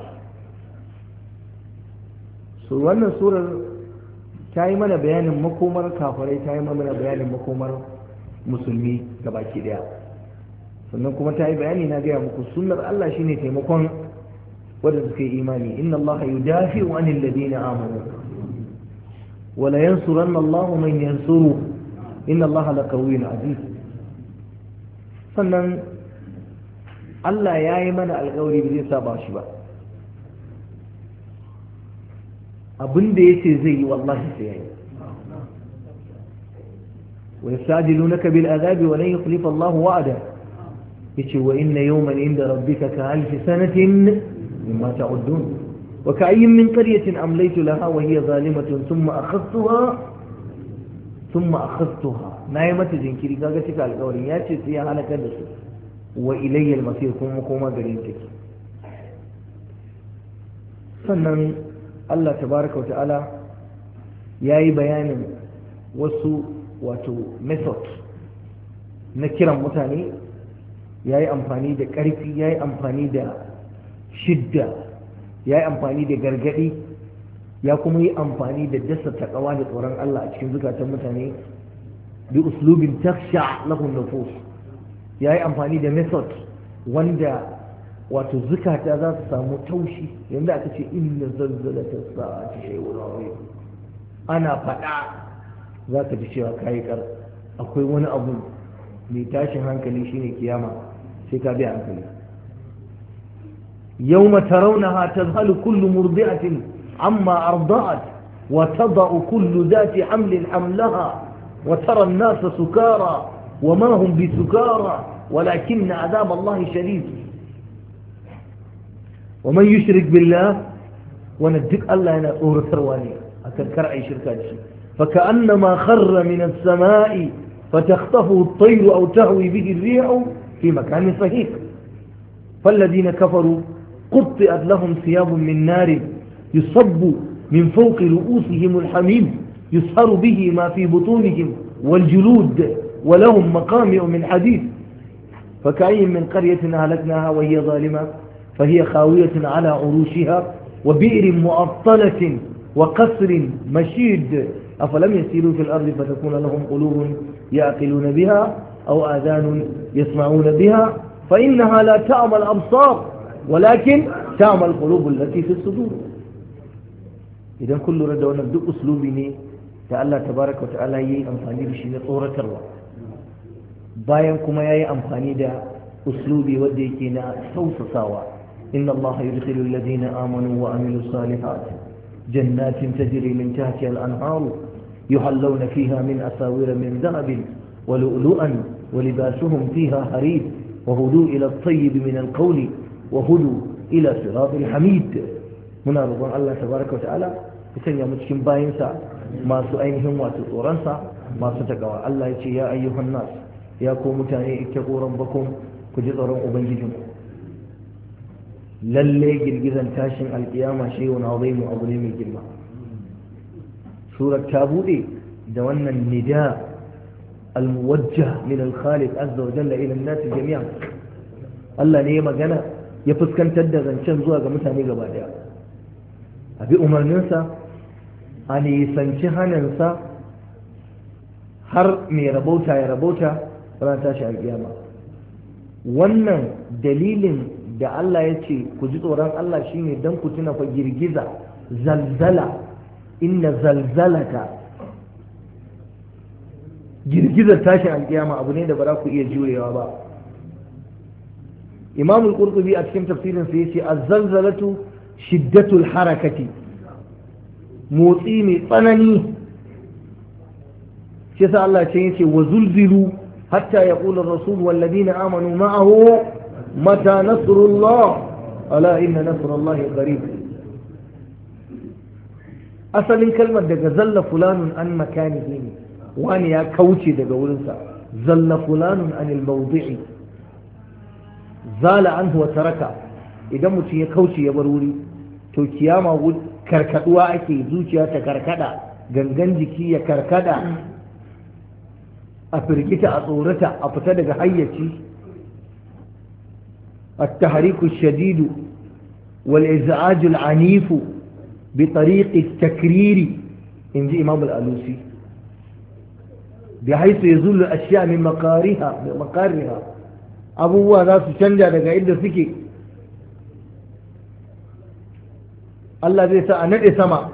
su wannan surar ta yi mana bayanin makomar kafarai ta yi mana bayanin makomar musulmi baki daya sannan kuma ta yi bayani na gaya muku sunnar Allah shine taimakon wanda suka yi imani inna Allah yudafi'u anil ladina amanu wa la yansuranna Allah man yansuru inna Allah laqawiyyun aziz sannan Allah ya yi mana alƙawari ba zai saba shi ba abin da ya ce zai yi wallahi sai yayi ويستعجلونك بالعذاب ولن يخلف الله وعده يجي وإن يوما عند ربك كألف سنة مما تعدون وكأي من قرية أمليت لها وهي ظالمة ثم أخذتها ثم أخذتها نايمة جنكيري كاغا على القولي يا تشي سيا وإلي المصير كم وكما قريتك فنن الله تبارك وتعالى ta'ala بيان yi wato method na kiran mutane ya yi amfani da ƙarfi ya yi amfani da shidda ya yi amfani da gargaɗi ya kuma yi amfani da dasa taƙawa da tsoron Allah a cikin zukatan mutane bi uslubin taksha lahun nufus ya yi amfani da method wanda wato zukata za su samu taushi yadda aka ce inna zalzala ta sa'a ta ana faɗa za ka ji cewa kayi kar akwai wani abu mai tashin hankali shine kiyama sai ka biya hankali yau ha ta tadhalu kullu murdi'atin amma arda'at wa tada'u kullu dhati hamlin hamlaha wa tara an-nasa sukara wa ma hum bisukara walakin 'adab Allah shadid wa man yushrik billah wani duk Allah yana tsoratarwa ne akan kar ai shirka da shi فكأنما خر من السماء فتخطفه الطير أو تهوي به الريح في مكان صحيح فالذين كفروا قطئت لهم ثياب من نار يصب من فوق رؤوسهم الحميم يصهر به ما في بطونهم والجلود ولهم مقامع من حديد فكأي من قرية أهلكناها وهي ظالمة فهي خاوية على عروشها وبئر معطلة وقصر مشيد أفلم يسيروا في الأرض فتكون لهم قلوب يعقلون بها أو آذان يسمعون بها فإنها لا تعمى الأبصار ولكن تعمى القلوب التي في الصدور إذا كل رد وأنا أسلوبني تعالى تبارك وتعالى يي أمفاني بشي نطورة الله باين كما يي أمفاني دا أسلوبي وديكينا سوسساوا إن الله يدخل الذين آمنوا وعملوا الصالحات جنات تجري من تحتها الانهار يحلون فيها من أساور من ذهب ولؤلؤا ولباسهم فيها حريب وهدوا إلى الطيب من القول وهدوا إلى صراط الحميد هنا رضوان الله تبارك وتعالى يسن يمتشن باين سا ما سؤينهم وتطورن سا ما ستقوى الله يا أيها الناس يا قوم كومتاني اتقوا ربكم كجدر أبنجي جمهور lalle girgizan tashin alƙiyama shi wani mu abu ne mai girma surar ta bude da wannan nida almuwajjah min Khalid khaliq azza wa jalla ila an-nas Allah ne ya magana ya fuskantar da zancen zuwa ga mutane gaba daya a bi umarninsa a nisanci sa har mai rabauta ya rabauta ran tashi alƙiyama. wannan dalilin da Allah ya ce ku ji tsoron Allah shine don ku tuna fa girgiza zalzala inna zalzalata girgizar tashin alkiyama abu ne da ba za ku iya jurewa ba imamul qurtubi a cikin tafsirin sa yace az-zalzalatu shiddatul harakati motsi mai tsanani shi sa Allah ce yace wa zulzilu hatta yaqulu ar-rasul wal ladina amanu ma'ahu متى نصر الله ألا إن نصر الله قريب أصل كلمة دقى زل فلان عن مكانه وأن يا كوتشي دقى ولنسى زل فلان عن الموضع زال عنه وتركه idan mutum ya kauce ya bar wuri to kiyama karkaduwa ake zuciya ta karkada gangan jiki ya karkada a firgita a tsorata a fita daga hayyaci التحريك الشديد والإزعاج العنيف بطريق التكرير عند إمام الألوسي بحيث يزول الأشياء من مقارها من مقارها أبوها ناس شنجا لك إلا سكي الله زي سأنت السماء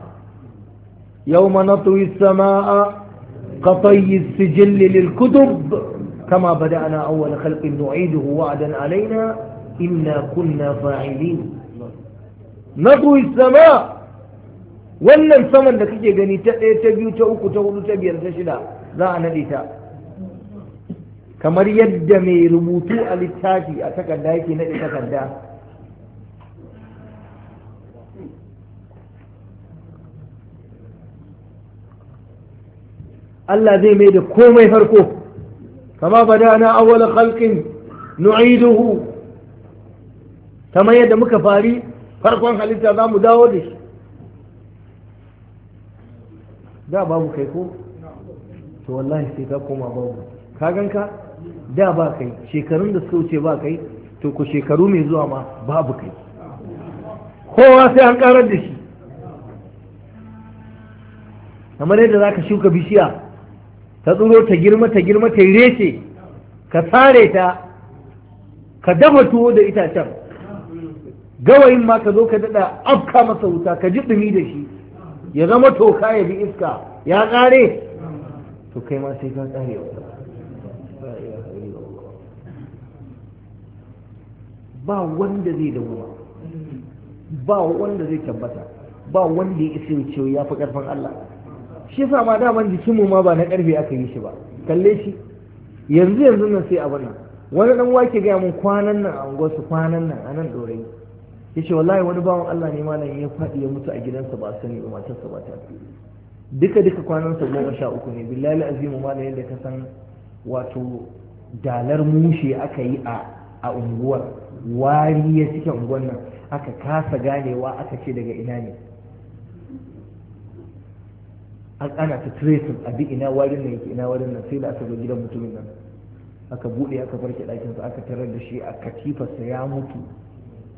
يوم نطوي السماء قطي السجل للكتب كما بدأنا أول خلق نعيده وعدا علينا إنا كنا فاعلين نطوي السماء wannan saman da kake gani ta ɗaya ta biyu ta uku ta hudu ta biyar ta shida za a naɗe ta kamar yadda mai rubutu a littafi a takarda yake naɗe takarda Allah zai mai da komai farko kama bada na awwal khalqin nu'iduhu kamar yadda muka fari farkon halitta za mu dawo da shi da babu kai ko to wallahi sai ka koma babu ka ganka da ba kai shekarun da suka wuce ba kai to ku shekaru mai zuwa ma babu kai kowa sai an karar da shi kamar yadda za ka shuka bishiya ta tsuro ta girma ta girma ta yi reshe ka sare ta ka dafa tuwo da itacen gawayin ma ka zo ka daɗa afka masa wuta ka ji ɗumi da shi ya zama toka ya bi iska ya ƙare to kai ma sai ka ƙare ba wanda zai dawoma ba wanda zai tabbata ba wanda ya isa cewa ya fi ƙarfin Allah shi sa ma daman jikinmu ma ba na ƙarfe aka yi shi ba kalle shi yanzu yanzu nan sai a nan wani dan wake gaya mun kwanan nan a unguwarsu kwanan nan a nan ɗorai. ya ce wallahi wani bawan Allah ne malam ya faɗi ya mutu a gidansa ba sani ba matarsa ba ta duka duka kwanan sa goma sha uku ne billahi azimu da yadda ka san wato dalar mushe aka yi a a unguwar wari ya cike unguwar nan aka kasa ganewa aka ce daga ina ne an ana ta tracing a bi ina warin nan yake ina warin nan sai da aka zo gidan mutumin nan aka buɗe aka farke ɗakinsa aka tarar da shi a katifarsa ya mutu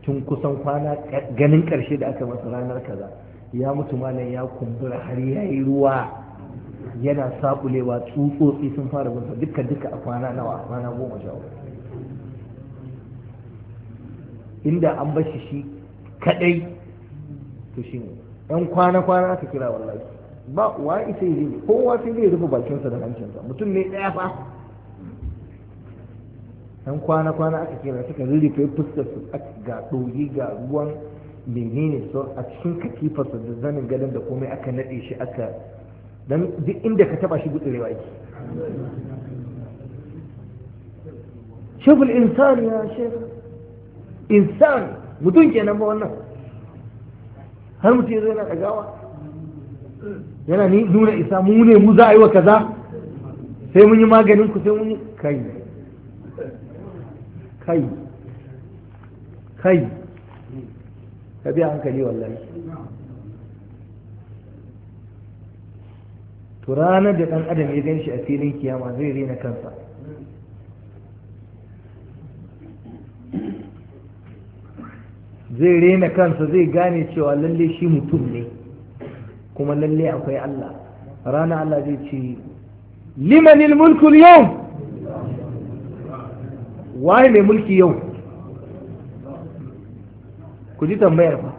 tun kusan kwana ganin ƙarshe da aka masa ranar kaza ya mutu malam ya kumbura har ya yi ruwa yana sabulewa tsutsotsi sun fara gunsa duka duka a kwana nawa a kwana goma sha inda an bashi shi kadai to shi ne yan kwana kwana aka kira wallahi ba wa isa yi kowa sai zai rufe bakinsa da hancinsa mutum ne ɗaya fa dan kwana-kwana aka kera suka rurrufe fuskar su ga ɗoyi ga ruwan menene su a cikin katifarsa da zanin gadon da komai aka naɗe shi aka dan duk inda ka taba shi gutsurewa yake shekul insan ya shek insan mutum kenan ba wannan har mutum yana na ɗagawa yana nuna isa mu ne mu za a yi wa kaza sai mun yi maganin ku sai mun yi kai kai kai ka biya hankali wallahi to ranar da ɗan adam ya gan shi a filin kiyama zai rena kansa zai rena kansa zai gane cewa lalle shi mutum ne kuma lalle akwai Allah rana Allah zai ce limanil mulkul yau waye mai mulki yau ku ji tambayar ba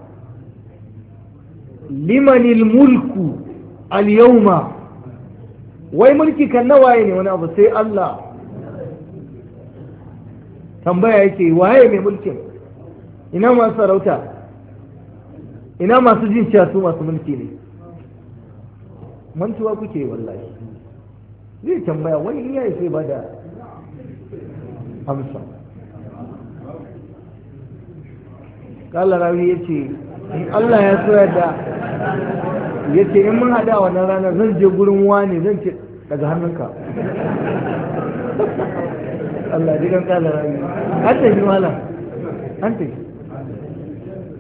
limanil mulku al wai mulki kan na waye ne wani abu sai Allah tambaya yake waye mai mulkin ina masu sarauta ina masu jin cewa su masu mulki ne mantuwa kuke wallahi zai tambaya wani iya sai ba da amsa kala rawi ya ce in Allah ya so da ya ce in mun hada wannan ranar zan je gurin wani zan ce daga hannunka Allah digan kala rawi an tafi mala an tafi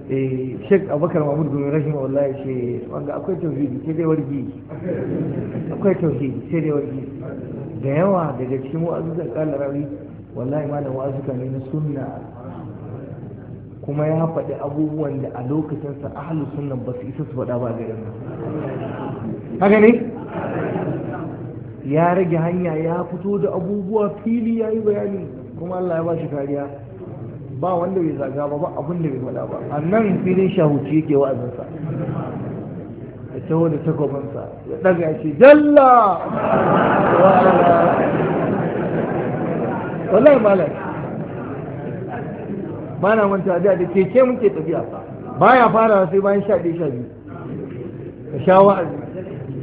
eh Sheikh Abubakar Mahmud Gumi rahima wallahi ya ce wanda akwai tauhidi sai dai wargi akwai tauhidi sai dai wargi da yawa daga cikin wa'azuzan kala rawi wallahi ma da wa'azuka ne na sunna kuma ya faɗi abubuwan da a lokacin sa ahlus sunna ba su isa su faɗa ba ga yanzu haka ne ya rage hanya ya fito da abubuwa fili ya yi bayani kuma Allah ya ba shi kariya ba wanda bai zaga ba ba abin da bai faɗa ba a filin shahuci yake wa'azinsa ya taho da takobinsa ya ɗaga shi jalla wallahi malam ba na manta da da keke muke tafiya ba ya fara sai bayan sha ɗaya sha biyu ka sha wa'azi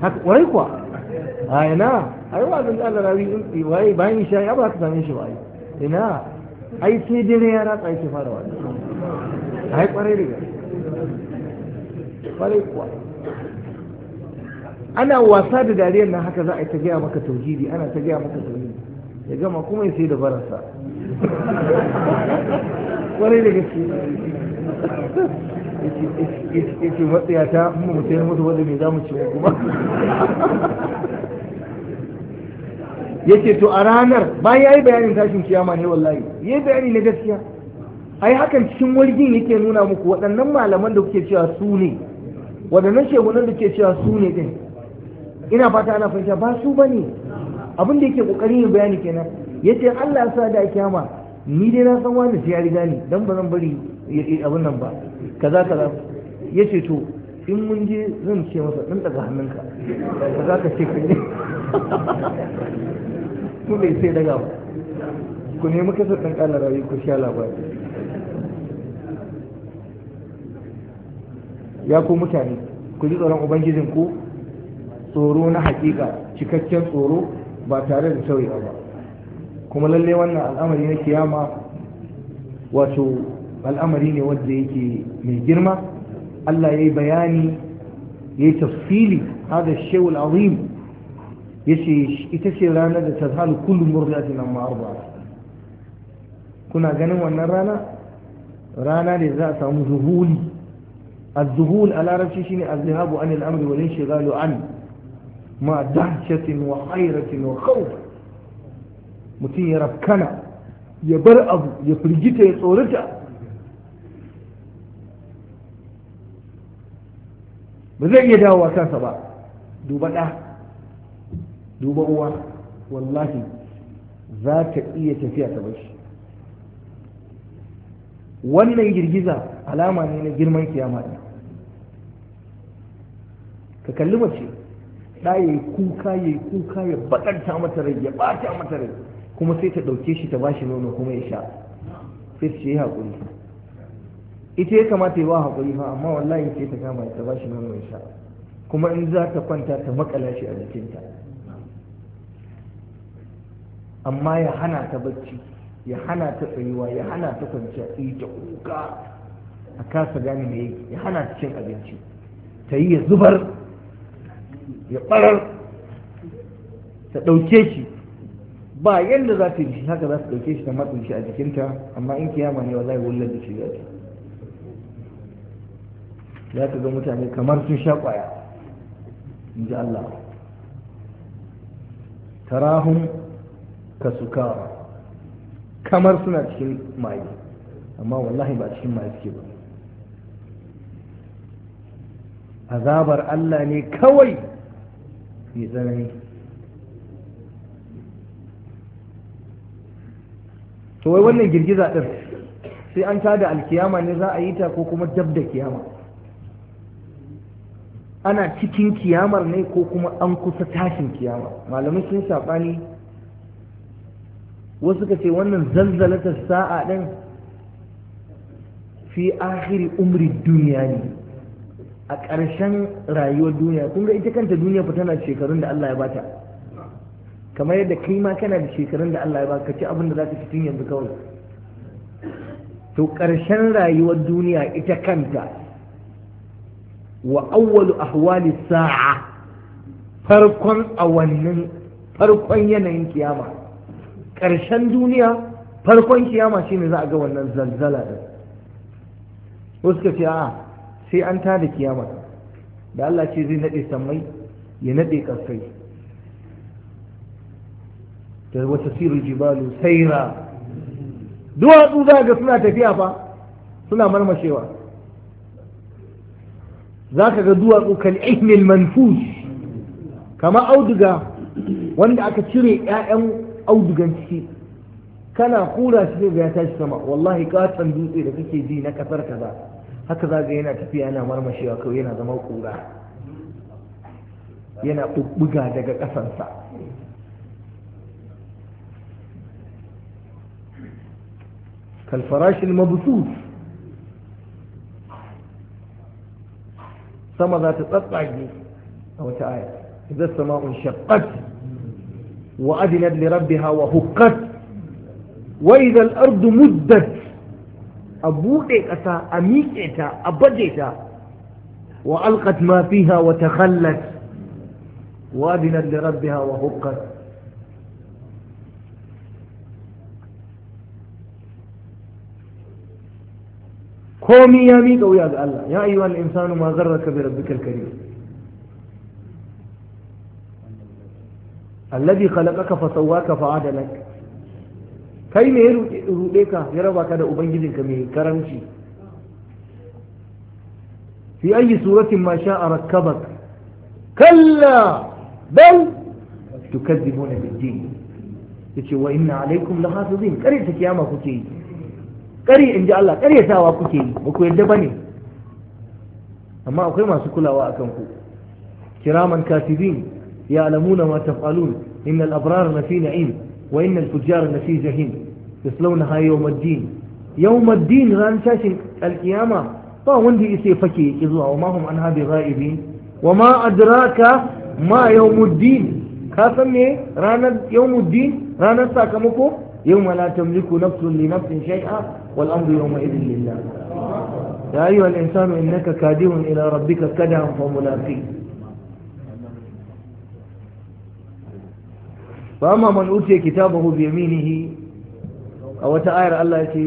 haka kwarai kuwa a ina ai wa'azin da Allah rawi in waye bayan sha ya ba ka same shi ba ina ai sai dare ya ratsa yake fara wa'azi ai kwarai da kwarai kuwa ana wasa da dariyar nan haka za a yi ta gaya maka tauhidi ana ta gaya maka tauhidi ya gama kuma ya sai da barasa kwarai da gaske ya ce ta mu mutu ya mutu wadda mai za mu ce kuma ya ce to a ranar bayan ya yi bayanin tashin kiyama ne wallahi ya yi bayani na gaskiya ai hakan cikin wargin yake nuna muku waɗannan malaman da kuke cewa su ne waɗannan shekunan da kuke cewa su ne ɗin ina fata ana fahimta ba su ba ne abin da yake kokarin yin bayani kenan yace Allah ya sa da kiyama ni dai na san wani sai ya riga ni dan ba zan bari abin nan ba kaza kaza yace to in mun je zan ce masa dan daga hannunka ba za ka ce kai ne to bai sai daga ba ku nemi kasar dan ƙala rayu ku sha labari ya ku mutane ku ji tsoron ubangijin ku tsoro na hakika cikakken tsoro ba tare da sauyawa ba kuma lalle wannan al'amari na kiyama wato al'amari ne wanda yake mai girma Allah ya yi bayani ya yi tafsili haɗa shewul azim ya ce ita ce ranar da ta zahalu kullum murzatin amma arba kuna ganin wannan rana rana ne za a samu zuhuli الذهول على رفشي an الذهاب عن wajen shiga عنه ma dahshatin wa hairatin wa khawf mutum ya rafkana ya bar abu ya firgita ya tsorata ba zai iya dawowa kansa ba duba ɗa duba uwa wallahi za ta iya tafiya ta bashi wannan girgiza alama ne na girman kiyama ɗin ka kalli mace da ya kuka ya kuka ya baɗanta mata rai ya ɓata mata rai kuma sai ta ɗauke shi ta ba shi nono kuma ya sha sai ta yi hakuri ita ya kamata ya ba hakuri fa amma wallahi sai ta kama ta ba shi nono ya sha kuma in za ta kwanta ta makala shi a jikinta amma ya hana ta bacci ya hana ta tsayuwa ya hana ta kwanciya ta kuka a kasa gane me ya hana ta cin abinci ta yi ya zubar ya ɓarar ta ɗauke shi ba yadda za ta yi shi haka za ta ɗauke shi ta matsin shi a jikinta amma in kiyama ne wallahi wullar da shi zai za ka ga mutane kamar sun sha ƙwaya in ji Allah tarahun kasukawa kamar suna cikin maye amma wallahi ba cikin maye suke ba azabar Allah ne kawai في tsanani to wai wannan girgiza ɗin sai an tada alkiyama ne za a yi ta ko kuma dab da kiyama ana cikin kiyamar ne ko kuma an kusa tashin kiyama malamai sun saɓani wasu ka ce wannan zanzalatar sa'a ɗin fi ahiri umri duniya ne a ƙarshen rayuwar duniya kun ga ita kanta duniya fa tana da shekarun da Allah ya bata kamar yadda kai ma kana da shekarun da Allah ya baka ci abin da za ka ci tun yanzu kawai to ƙarshen rayuwar duniya ita kanta wa awwalu ahwali sa'a farkon awannin farkon yanayin kiyama ƙarshen duniya farkon kiyama shine za a ga wannan zalzala din wasu ce a'a sai an tada kiyama da Allah ce zai naɗe sammai ya naɗe kasai da wata siru jibalu saira duwatsu za ga suna tafiya fa suna marmashewa za ka ga duwatsu kan ihmil manfush kama auduga wanda aka cire 'ya'yan audugan ciki kana kura shi ga ya tashi sama wallahi katon dutse da kake ji na kasar kaza haka za ga yana tafiya yana marmashewa kawai yana zama kura yana ɓuɓɓuga daga ƙasansa kalfarashin mabusus sama za ta tsatsage a wata aya idan sama'un shaqqat wa adinat li rabbiha wa huqqat wa idha al-ardu muddat a buɗe ƙasa a miƙe ta a baje ta wa alqat ma fiha wa takhallat wadinat li rabbiha wa huqqat komi ya miƙa wuya ga Allah ya ayyuhal insanu ma gharraka bi rabbikal karim الذي خلقك فسواك فعدلك kai me ya ruɗe ka ya raba ka da ubangijinka mai karanci? fi ayi suratin ma sha a rakabar. kalla bal tukazzibuna bil din yace wa inna alaikum lahafizin kare ta kiyama kuke yi kare in ji Allah kare tawa kuke yi ba ku yadda bane amma akwai masu kulawa akan ku kiraman katibin alamuna ma taf'alun innal abrar fi na'im wa innal fujjar fi jahim yaslawnaha yawmal din yawmal din ran tashin alkiyama ba wanda sai fake yake zuwa wa mahum an habi ra'ibi. wa ma adraka ma yau din ka san me ranar yawmud din ranar sakamako Yau la tamliku nafsun li nafsin shay'a wal amru yawma idhin lillah ya ayyuha al insanu innaka kadihun ila rabbika kadan fa mulaqi fa amma man utiya kitabahu bi yaminihi a wata ayar Allah ya ce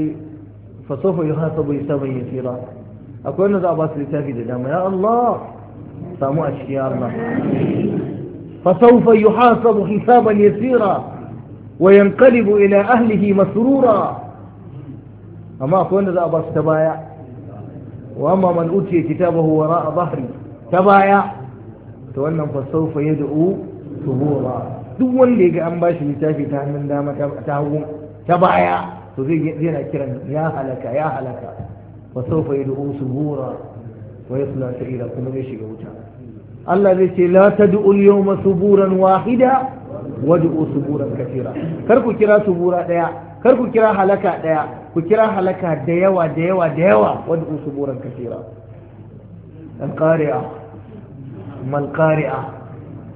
fasofa fa sawfa yuhasabu ya yasira akwai wanda za a ba su littafi da dama ya Allah samu a cikin Allah fasofa fa sawfa yuhasabu ya yasira wa yanqalibu ila ahlihi masurura amma akwai wanda za a ba su ta baya wa amma man utiya kitabahu wara'a dhahri ta baya to wannan fasofa sawfa yad'u thubura duk wanda ya ga an ba shi littafi ta hannun dama ta hagu ta baya to zai yana kiran ya halaka ya halaka wa sawfa yad'u subura wa yasla sa'ira kuma zai shiga wuta Allah zai ce la tad'u al-yawma suburan wahida wad'u suburan katira kar ku kira subura daya kar ku kira halaka daya ku kira halaka da yawa da yawa da yawa wad'u suburan katira al-qari'a mal qari'a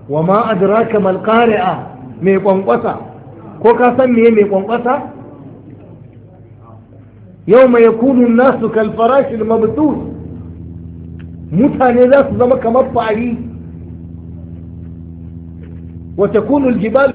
wa ma adraka mal qari'a Me kwankwasa ko ka san meye mai kwankwasa yau mai yakunu nasu kalfarashin mabutu mutane za su zama kamar fari wata kunul jibal